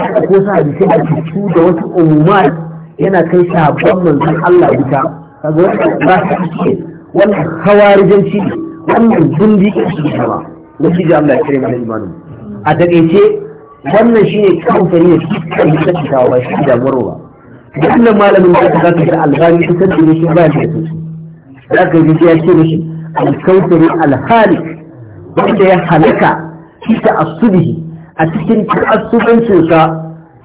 haka ko sa da sai da su da wasu umumat yana kai sabon manzon Allah wuta kaga wannan ba shi wannan hawarijanci ne wannan zindiƙin shi kama nasi Allah ya kare mana imanin a takaice wannan shi ne kamfani da cikin da ta kawo ba shi damuwar ba wannan malamin da za ta ga alhali ta san da shi ba da su za ka ga ya ce mishi alkautari alhalik wanda ya halaka shi ta asubihi a cikin ta'assubancin sa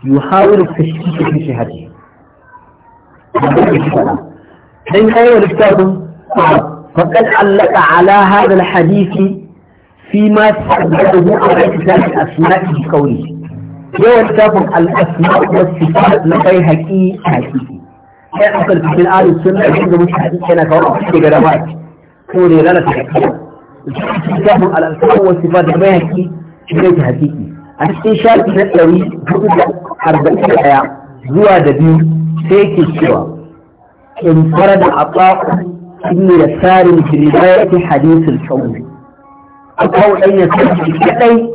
yuhawil tashkiki fi shihati dan yayi wa littafin الأفكار فقد علق على هذا الحديث فيما تعبده على كتاب الأسماء الكونية يوم كتاب الأسماء والصفات لقي حقيقي حقيقي يعني أصل في الايه السنة عند مشاهدين كان كورا في قدمات كوري لنا في حقيقي كتاب الأسماء والصفات لقي حقيقي في حقيقي أنا استيشار في نتلوي جدد أربعين حياة زوا سيكي سوا انفرد أطاق ibn yasar fi riwayati hadith al-shawm akwai dan yasar kadai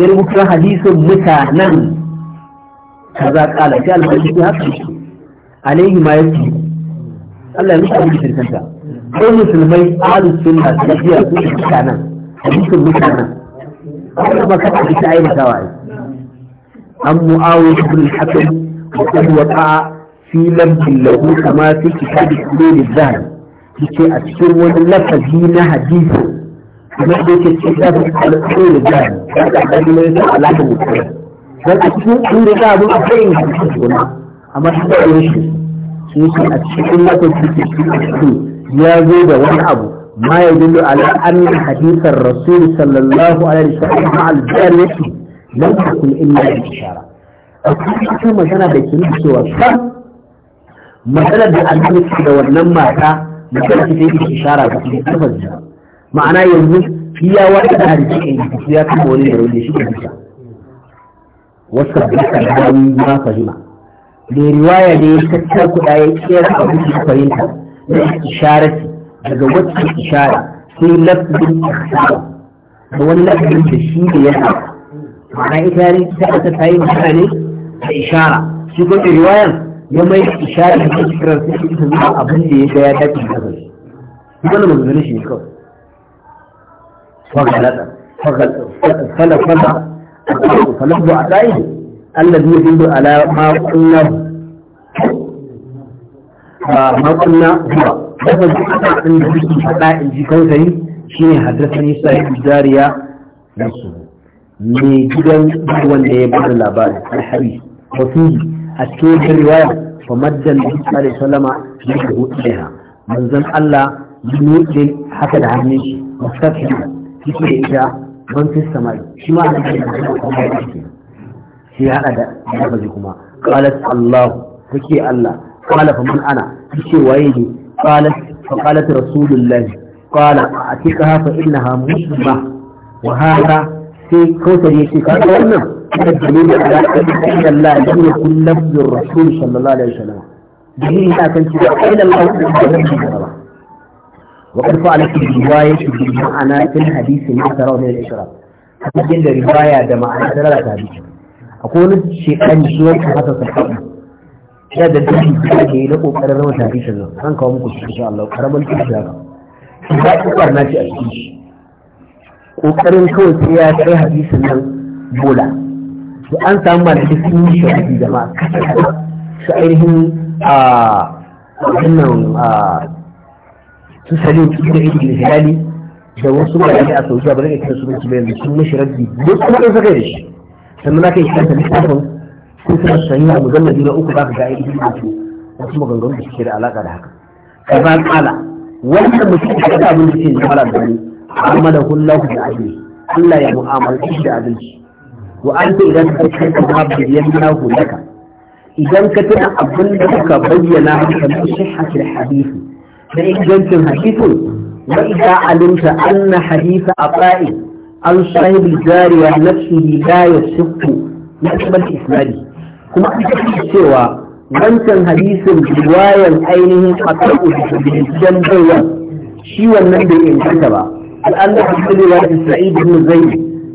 ya rubuta hadisin mutanen kaza kala ta al-hadith haka alaihi ma yake Allah ya rubuta shirkanta ko musulmai ahlus sunna da biya su mutanen hadisin mutanen kuma ka ta ta aibata wa an mu'awiyah ibn al-hakim wa qad waqa fi lamhin lahu kama fi kitab al-dhahab yake a cikin wani lafazi na hadisi kuma da yake cikin lafazin alƙawar da ya ga ɗan ne ta alaƙa mutum dan a cikin an da za a zo a kai ne a cikin amma shi da yin shi shi yake a cikin lafazi ke ya zo da wani abu ما يدل على أن حديث الرسول yake. الله عليه illa مع الجارية لم تكن إلا بشارة أكثر مثلا بكين بسوى الشر da بأنك da wannan mata. magana ta yi ishara ga cikin alfazi ma'ana yanzu fiya wata da hadisi in ka fiya kan wani da wanda shi ke bisa wasu bisa da hawi ma fahima da riwaya da ya tattar kuɗa ya kera abin da fahimta na ce daga wata ishara sai lafzin ikhsara da wani lafzin da shi da ya ma'ana ita ne ta ta yi magana da ishara shi kuma riwayan ya mai ishari da jikirar sai shi ta zuwa abin da ya ga ya dace da kansa wannan maganganun shi ne kawai fagalata fala A فلفظ عطائه الذي يدل على ما قلنا ما قلنا هو لفظ عطاء عند ذكر عطاء الجكوثري شيء حدثني صاحب الجارية نفسه من جدا wanda ya bada labarin alhari wasu a cikin riwaya fa maddan alaihi sallama yadu ilaiha manzon Allah yake haka da hannun shi mustafi yake da ita man fi samai shi ma da shi shi hada da lafazi kuma qalat Allah take Allah qala fa man ana yake waye ne qalat fa qalat rasulullahi qala atikaha fa innaha muslima wa hada sai kautar yake ka wannan الدليل على أن الله لم يكن لفظ الرسول صلى الله عليه وسلم دليل على أن إلى الله وقد فعلت الرواية بالمعنى في الحديث ما ترى من الإشراف حتى الرواية ده معنى ترى لا تهديك أقول شيئا شيئا حتى صحيح ya da duk da ke na kokarin الله tarihin nan an kawo muku shi insha Allah karamin kishi haka ba ku barna ci a cikin الله kokarin kawai sai ya kai hadisin nan bola to an samu malamai sun yi shari'i jama'a kasa kasa su ainihin a wannan su salim su da ibn hilali da wasu malamai a saudiya ba zai kira su su bayan sun mashi rabbi duk kuma ɗan sakai da shi sannan aka yi ta littafin sun suna sanya mujallabi na uku za ka ga ainihin wasu wasu maganganu da suke da alaƙa da haka kaza kala wannan mutum da ya abin da ke da mara da wani amma da hullahu da ajiyar Allah ya mu'amalci da adalci wa an ta idan ka kai ka ma bayyana hulaka idan ka tuna abin da suka bayyana ka bi sihhatil hadisi da ingancin hadisin wa idza alimta anna hadisa afa'i an sahib al-jariya nafsihi la yasihhu nasbal isnadi kuma an ta cewa wancan hadisin riwayan ainihin asabu da bayan shi wannan bai inganta ba al'an da hadisi da Sa'id ibn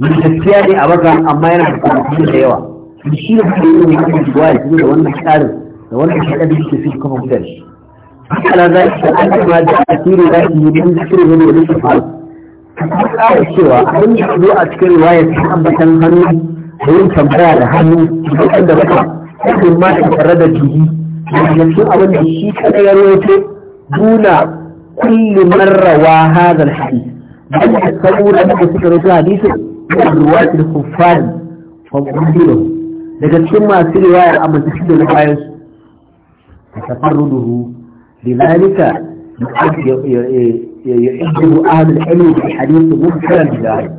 gaskiya ne a baza amma yana da kwanaki da yawa shi da kuma yi ne kuma shiga ya fito da wannan tsarin da wannan shaɗa da yake fi kuma mutar shi ala za ki an kuma da asiri za ki yi don zikirin wani wani su faru ta tsara cewa abin da zo a cikin riwaya ta ambatan hannu da yin tambaya da hannu da kan da baka kan ma da tare da jiki da yanzu abin da shi kada ya rote duna kulli marra wa hadal hadith da saboda da suka rote hadisin ruwa da kufari fagundiro daga cikin masu riwaya a matashi da لذلك يحجب أهل العلم في حديث منكر الجاهل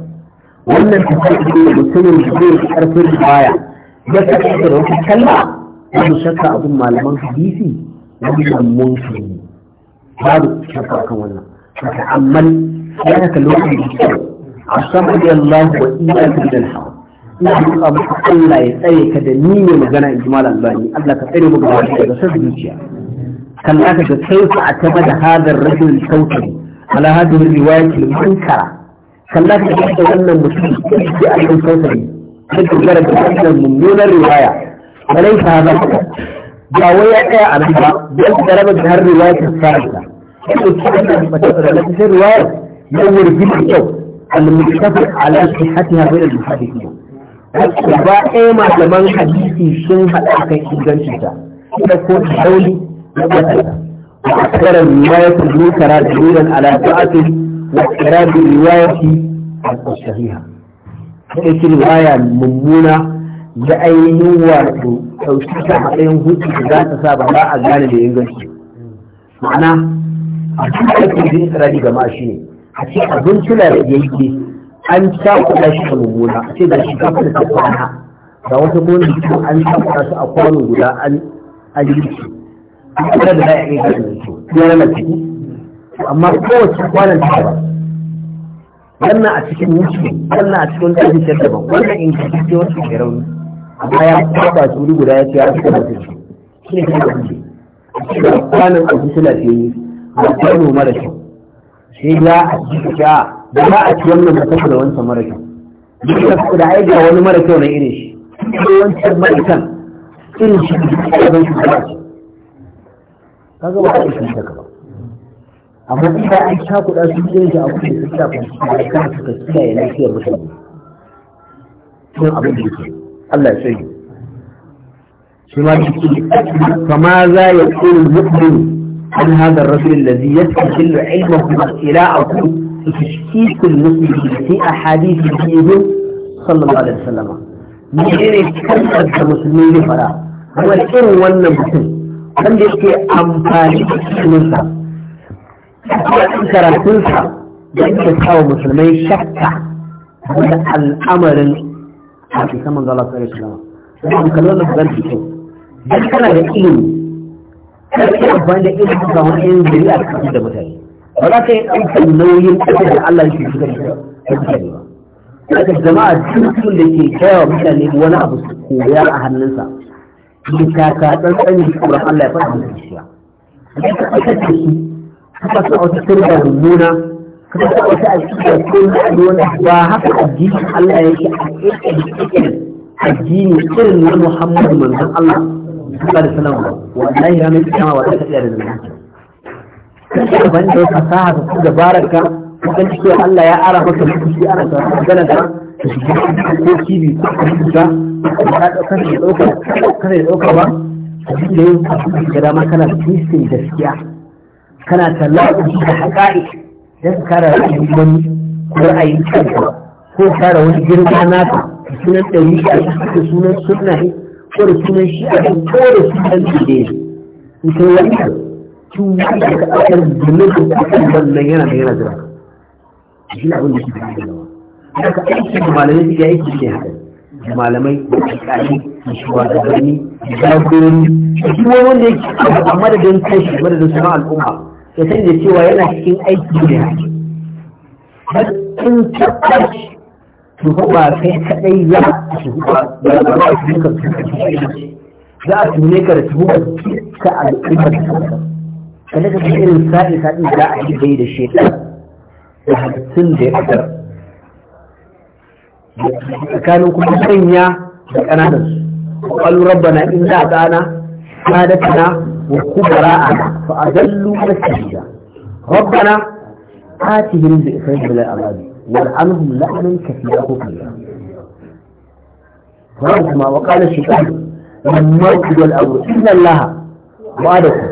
وأن التفكير المسلم يجوز حرف الرواية يتكسر وتتكلم وأن شك أظن من حديثي ومن منكر هذا شك أكون فتعمل لأنك الوحيد عشان رضي الله وإياك من الحرام نعم، نحن أبو الله يسأيك دنيني مغانا إجمال الباني الله تسألي مغانا إذا سجدتها كان لك كيف اعتمد هذا الرجل الكوكبي على هذه الرواية المنكرة كان لك كيف أن المسلم يجي أهل الكوكبي حتى درجة أن الممنون الرواية وليس هذا فقط جاوية أنا بل درجة هذه الرواية الثالثة كيف تكون رواية يور في الجو المتفق على صحتها بين المحدثين ba ɗaya malaman hadisi sun haɗa kan inganci ta da ko dauli na matsala wa akara riwayat al-munkara dalilan ala ta'ati wa akara bi riwayat al-sahiha sai ki riwaya mummuna da ainihin wato ɗauki ta matsayin hutu da za ta sa ba a gane da inganci ma'ana a gama shi ne a ce abinci na da yake an cakuɗa shi da gona a ce da shi kafa da kwana ga wata gona an cakuɗa su a kwano guda an yi su an da za a iya gani su yana na ciki amma kowace kwanan ta ba wannan a cikin wuce wannan a cikin ɗan jikin daban wannan in ka cikin wasu mai rauni amma ya kwaɓa su wuri guda ya ce ya fi kuma su shi ne kuma wuce a cikin kwanan abu suna fiye ba kwano mara kyau sai za a ci sha da za a ci wannan da kasa da wancan mara kyau duk da da ai ga wani mara kyau na irin shi sai wancan mara kyan irin shi da ya zan shi da shi kaga ba a shi ka ba amma idan an sha kuɗa su irin shi a kuɗi su sha kuɗi da kan suka kiyaye lafiyar mutane sun abin da yake Allah ya sani shi ma da ke za ya kone mutum عن هذا الرجل الذي يستجل علمه واطلاعه تشكيك المسلمين في أحاديث دينه صلى الله عليه وسلم menene kalmar da musulmi ne fara kuma irin wannan mutum wanda yake amfani da iliminsa da karatunsa da yake kawo musulmai shakka da al'amarin a cikin manzo Allah sallallahu alaihi wasallam da kuma kallon da da ilimi karfi amfani da irin haka wani yin zuri a cikin da mutane ba za ka yi ɗaukar nauyin ƙasar da Allah yake shigar da mutane ba daga jama'a cikin da ke kaiwa mutane wani abu su koya a hannunsa ne ta ka tsantsanin tsoron Allah ya faɗa musu shiya da ka ɓatar da su ka sa wata turba mummuna ka sa wata aƙida ko na ba haka addinin Allah yake a ƙirƙirin addini irin na Muhammadu manzon Allah sallallahu alaihi wasallam wallahi ranar kiyama ba ta tsaya da zumunci kashi amfani da fasaha da su dabarar ka kan cewa Allah ya ara maka lokaci ana ta gana da ko kibi ko kusa ka dauka ka dauka ka dauka ba da yin ga dama kana twisting gaskiya kana talla da haƙa'i don kare ra'ayin wani ko ra'ayin kanka ko kare wani girma naka sunan ɗari a cikin sunan sunna ko da sunan shi a kan ko su kan shi in kai wannan tun wanda ka akar zunubin akan wannan yana da yana jira shi abin da shi da yana haka aiki da malamai suke aiki ne haka malamai da alƙali da shugabanni da jagorori da shi wanda yake a madadin kashi madadin sunan al'umma ya sani da cewa yana cikin aiki ne haka هو في تأييد لا تنكر هو سأل كيف فلذا تشير السائل سأل لا أحد بيد الشيء وهذا كانوا كل سنة أنا قالوا ربنا إن أعطانا سادتنا وكبراءنا فأذلوا مسجدا ربنا آتهم بإخراج بلا أراضي ولعنهم لعنا كثيرا كثيرا ما وقال الشيطان من موكد الأول إلا الله وآدكم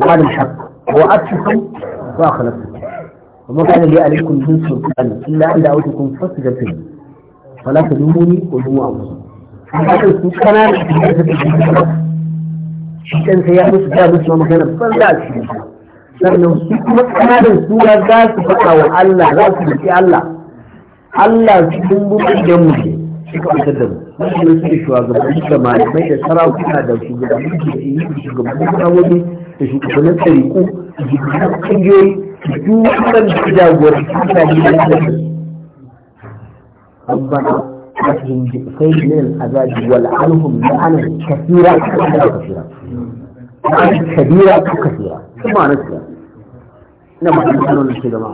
وآد الحق وآدكم وآخلقكم وما كان لي عليكم من سلطان إلا أن دعوتكم فاستجبتم فلا تلوموني ولوموا أنفسكم hakan su في da suke shi kan sai ya musu da musu magana ban da shi sannan su kuma ƙarin suna za su faɗa wa Allah za su biki Allah Allah su sun buɗe idan mu ke suka fitar da mu wanda su da shugabanni da malamai da sarakuna da shugabanni da yi da shugabannin kawai da shugabannin tsariku da shugabannin ƙungiyoyi da duk waɗanda su jagoranci mutane da su ربنا أخرجهم بخير من العذاب والعنهم لعنة كثيرة كثيرة كثيرة كبيرة كثيرة ثم نسلم نعم نحن نسلم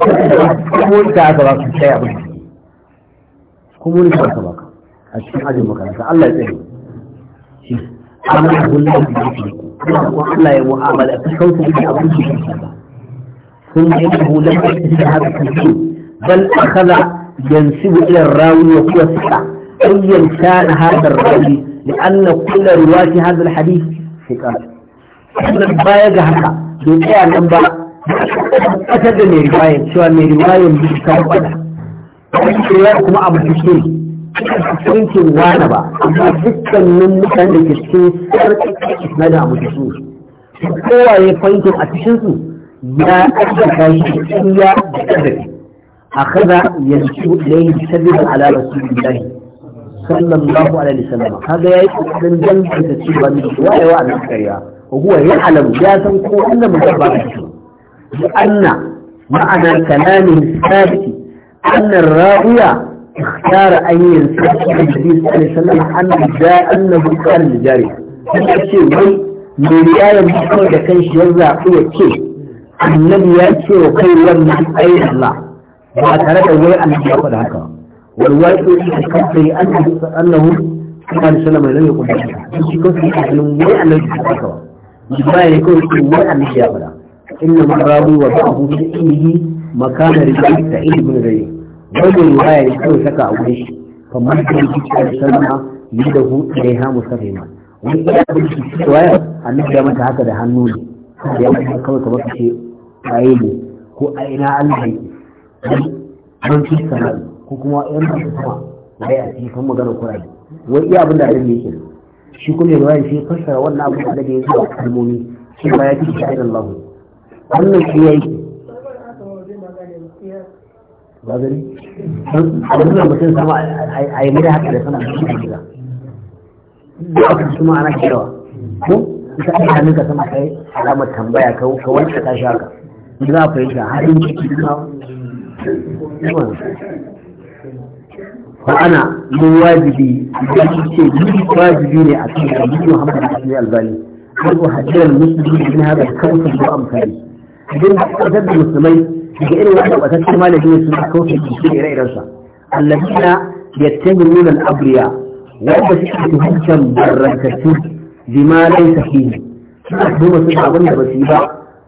ما كمون تعطى بك شيء عبد كمون تعطى بك الشيء عبد المكان فالله يتعلم أمنح الله بكم إنه لم يتشهد كثير بل أخذ ينسب إلى الراوي وقوة الصحة أيا كان هذا الراوي لأن كل رواية هذا الحديث ثقات nan baya ga haka bai tsaya nan ba kasar da mai riwayan cewa mai riwayan bai ta kwada riwaya kuma abu cike cikin ke wani ba amma dukkanin mutane da ke cikin sarki na da abu cike kowa ya fahimta a cikin su ya ƙarfafa shi cikin ya ƙarfafa أخذ ينسب إليه بسبب على رسول الله صلى الله عليه وسلم هذا يكون من da تسيبا من الرواية وعن الكريعة wa huwa ya'lamu ya san ko Allah mun ba shi bi anna ma'ana kalamin sabiti anna rawiya ikhtara an yansa Nabi sallallahu alaihi wasallam an da annabi kan jari ce wai mai riyayen mutum da kanshi ya zaɓi ya ce annabi ya ce wa kai wannan ayin ba tare da wai annabi ya faɗa haka walwai ko shi kan sai annabi shi ba ya kawai cikin wani annabi ya fada inna marawi wa ba'ahu fi ilmihi makana rijal sa'id ibn rayi wani riwaya ne kawai saka a wurin shi kamar da yake cikin sallama yadahu ilaiha mustaqima wani iya abin shi riwaya annabi ya mata haka da hannu ne ya mata kawai kamar ka ce yi ne ko a ina Allah yi? man fi sama'i ko kuma yan da kuma bai a cikin magana kurai Wai iya abin da annabi yake shi kuma ya bayan shi fassara wannan abu da ya zuwa kalmomi shi ba ya fi sha'ir Allah wannan shi ya yi ba gani a wannan mutum sama a yi mura haka da sama a cikin gida da aka kuma ana kirawa ko ita a hannun ka sama kai alamar tambaya ka wanke ta shaka za a fahimta harin ciki na fa ana mu wajibi idan ce ni wajibi ne a cikin Annabi Muhammad sallallahu alaihi wasallam ko hadiran musulmi ne hada kawai ko amfani idan da musulmai daga irin wannan batacce malami ne suna kawai da shi ire-iren sa alladina yattamiluna al-abriya wanda suke tuhumtan barrakatu bima laysa fihi suna tuhuma su abin da ba su yi ba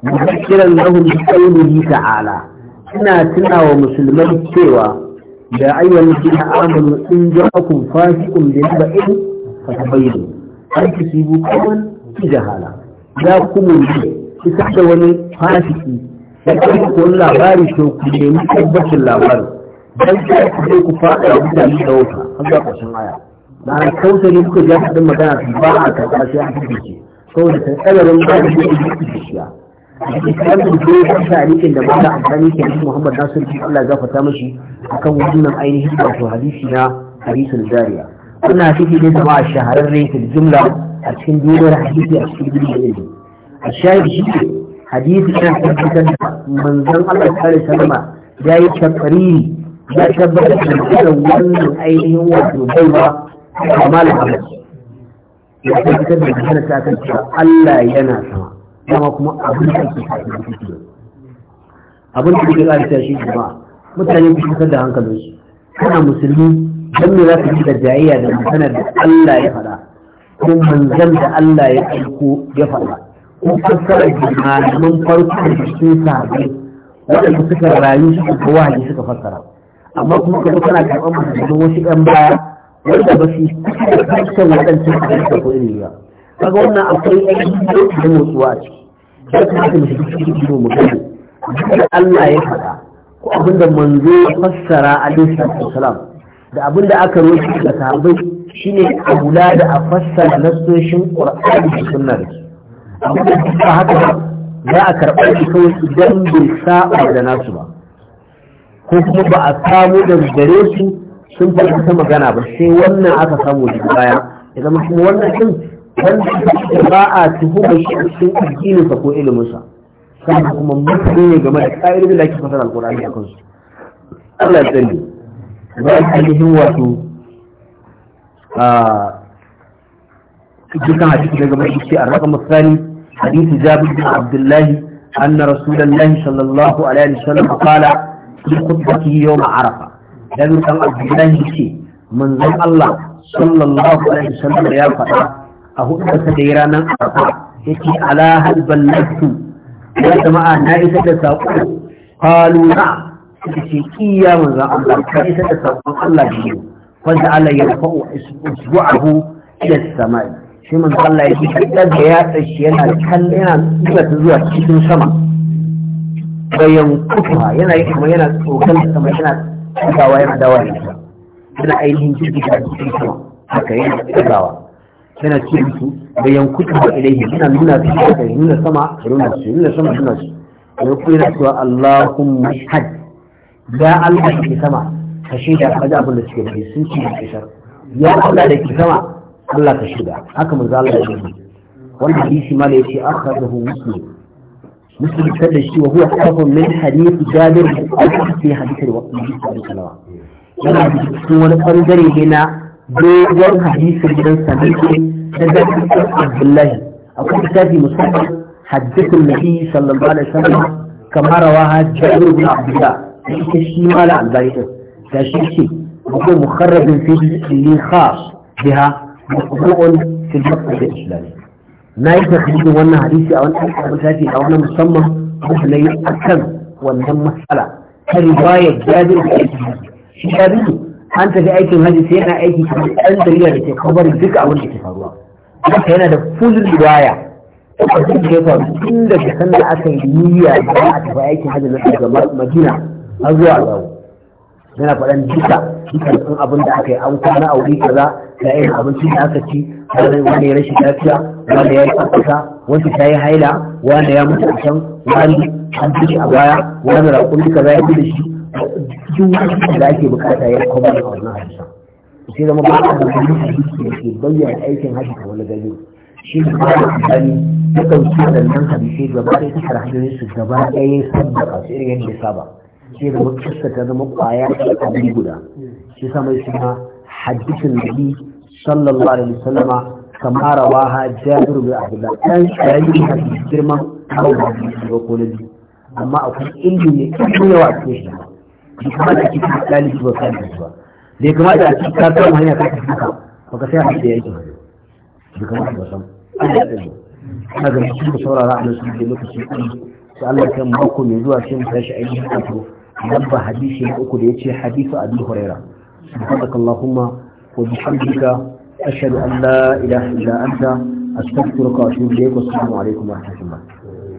muhakkiran lahum bi qawlihi ta'ala suna tunawa musulmai cewa يا أيها الذين آمنوا إن جاءكم فاسق بنبأ فتبينوا أن تصيبوا قوما بجهالة يا قوم ki saka wani fasiki da kai ku labari to ku nemi tabbacin labarin dan kai ku je ku da mutane da wata har da ƙarshen aya na kausa ne kuka ji hadin magana ba a karɓa sai saboda tsare ran da wannan dogon tarihin da bada amfani ke cikin muhammad nasir bin allah ya fata mashi akan wannan ainihin wato hadisi na hadisin zariya wannan hadisi ne zama a shahararren fil jumla a cikin duniyar hadisi a cikin da ilimi a shahid shi ne hadisi yana tabbatar da manzon allah sallallahu salama ya yi takariri ya tabbatar da maganar wannan ainihin wato baiwa kamar ahmad ya tabbatar da maganar ta kan cewa allah yana sama dama kuma abin da ake tafi da kuke abin da kuke ƙarfi shi jama'a mutane ku kusa da hankalinsu kana musulmi don me za ka ji da jayayya da maganar da Allah ya faɗa ko manzan da Allah ya aiko ya faɗa ko fassarar da malaman farko da cikin sahabbai waɗanda suka rayu suka ga wahayi suka fassara amma kuma ka kana karɓar musulmi wasu ɗan baya wanda ba su kusa da kankan waɗancan da suka ko ilimi ba kaga wannan akwai aiki da motsuwa a ciki ya kamata mu shiga cikin ido mu gani da Allah ya faɗa ko abin da manzo ya fassara alaihi salam da abin da aka roƙi da sahabbai shine a kula da a fassara nasoshin Qur'ani da sunna da su amma ba haka za a karɓa shi kawai idan bai sa'a da nasu ba ko kuma ba a samu da gare su sun faɗi ta magana ba sai wannan aka samu daga baya ya zama kuma wannan din wanda ba a tuhuma shi a cikin addininsa ko iliminsa sannan kuma mutane ne game da ƙa'idodin da ake fasara alƙur'ani a kansu Allah ya tsalle, ba a ainihin wato a cikin hadisi daga mai shi a rakam misali hadisi jabir bin abdullahi anna rasulullahi sallallahu alaihi wasallam qala fi khutbatihi yawm arafa dan kan abdullahi ce manzon Allah sallallahu alaihi wasallam ya faɗa a hudu da ta dai ranar ya ce ala hal ballatu ya jama'a na isa da saƙo. qalu na suka ce kiya manzo Allah ka isa da sakon Allah ne wanda Allah ya fa'u isbu'ahu ila samai shi manzo Allah yake kaddar da ya tsashi yana kallon yana zuwa cikin sama bayan kufa yana yi kuma yana tsokan sama yana tsawa yana dawa ne yana ainihin jirgin da cikin sama haka yana tsawa yana ce musu da yankuta da ilaihi yana nuna su da nuna sama da nuna su nuna sama da nuna su da kuma yana cewa Allahumma shahad ya Allah da ke sama ka shaida a abin da suke da sun ci da kishar ya Allah da ke sama Allah ka shaida haka mun zalla da shi wanda hadisi ma da yace akhadahu muslim muslim kada shi wa huwa sahun min hadith jabir al-hadith hadith al-waqti sallallahu alaihi wasallam yana cikin wani bangare ne na بيجر حديث ابن سمعي تذكر عبد الله أو كتابي مصحف حدث النبي صلى الله عليه وسلم كما رواه جابر بن عبد الله تشتي ما لا عن ذلك تشتي وهو مخرب في اللي خاص بها مقبوع في المقصد الإسلامي ما يتخذ وانا حديثي او انا حديثي او انا مصمم هو لا يؤكد وانا مسألة كرواية جابر بن عبد الله an tafi aikin hajji sai yana aiki kamar ɗan jarida da ke kabarin duka abin da ke faruwa haka yana da full riwaya abin da ya faru tun daga da aka yi niyya da a tafi aikin hajji na daga madina har zuwa zawo yana faɗan duka dukkan abin da aka yi an kwana a wuri kaza ga irin abinci da aka ci ranar wani ya rashin lafiya wanda ya yi tsakasa ta yi haila wanda ya mutu a can wani an fi a baya wanda raƙon duka za ya fi da shi duk wani da ake bukata ya koma da wannan hadisan sai zama ba a da wani hadisi da ke bayyana aikin hajji ta wani gari shi ne ba da tsani ta ɗauki waɗannan hadisai gaba ɗaya ta harhajoyin su gaba ɗaya ya sabbaka su irin yadda ya saba sai zama kissa ta zama ƙwaya a abin guda shi sa shi ma hadisin nabi sallallahu alaihi wasallama kama rawaha jabir bin abdullah dan shari'i hadisi girman kawo da ko na biyu amma akwai ilimi ne yawa cikin shi bai kamata a cikin ɗalibi ba kan ba bai kamata a ta kakar hanya ta cikin ka ba ka sai a cikin yake ba bai kamata ba san an da ɗaya ana ga mutum da saurara a nasu da lokacin kuma su Allah kan mako mai zuwa sai mu tashi ainihin wato lamba hadisi na uku da ya ce hadisu abi huraira subhanaka allahumma wa bihamdika ashhadu an la ilaha illa anta astaghfiruka wa atubu ilayk wa assalamu alaikum wa rahmatullah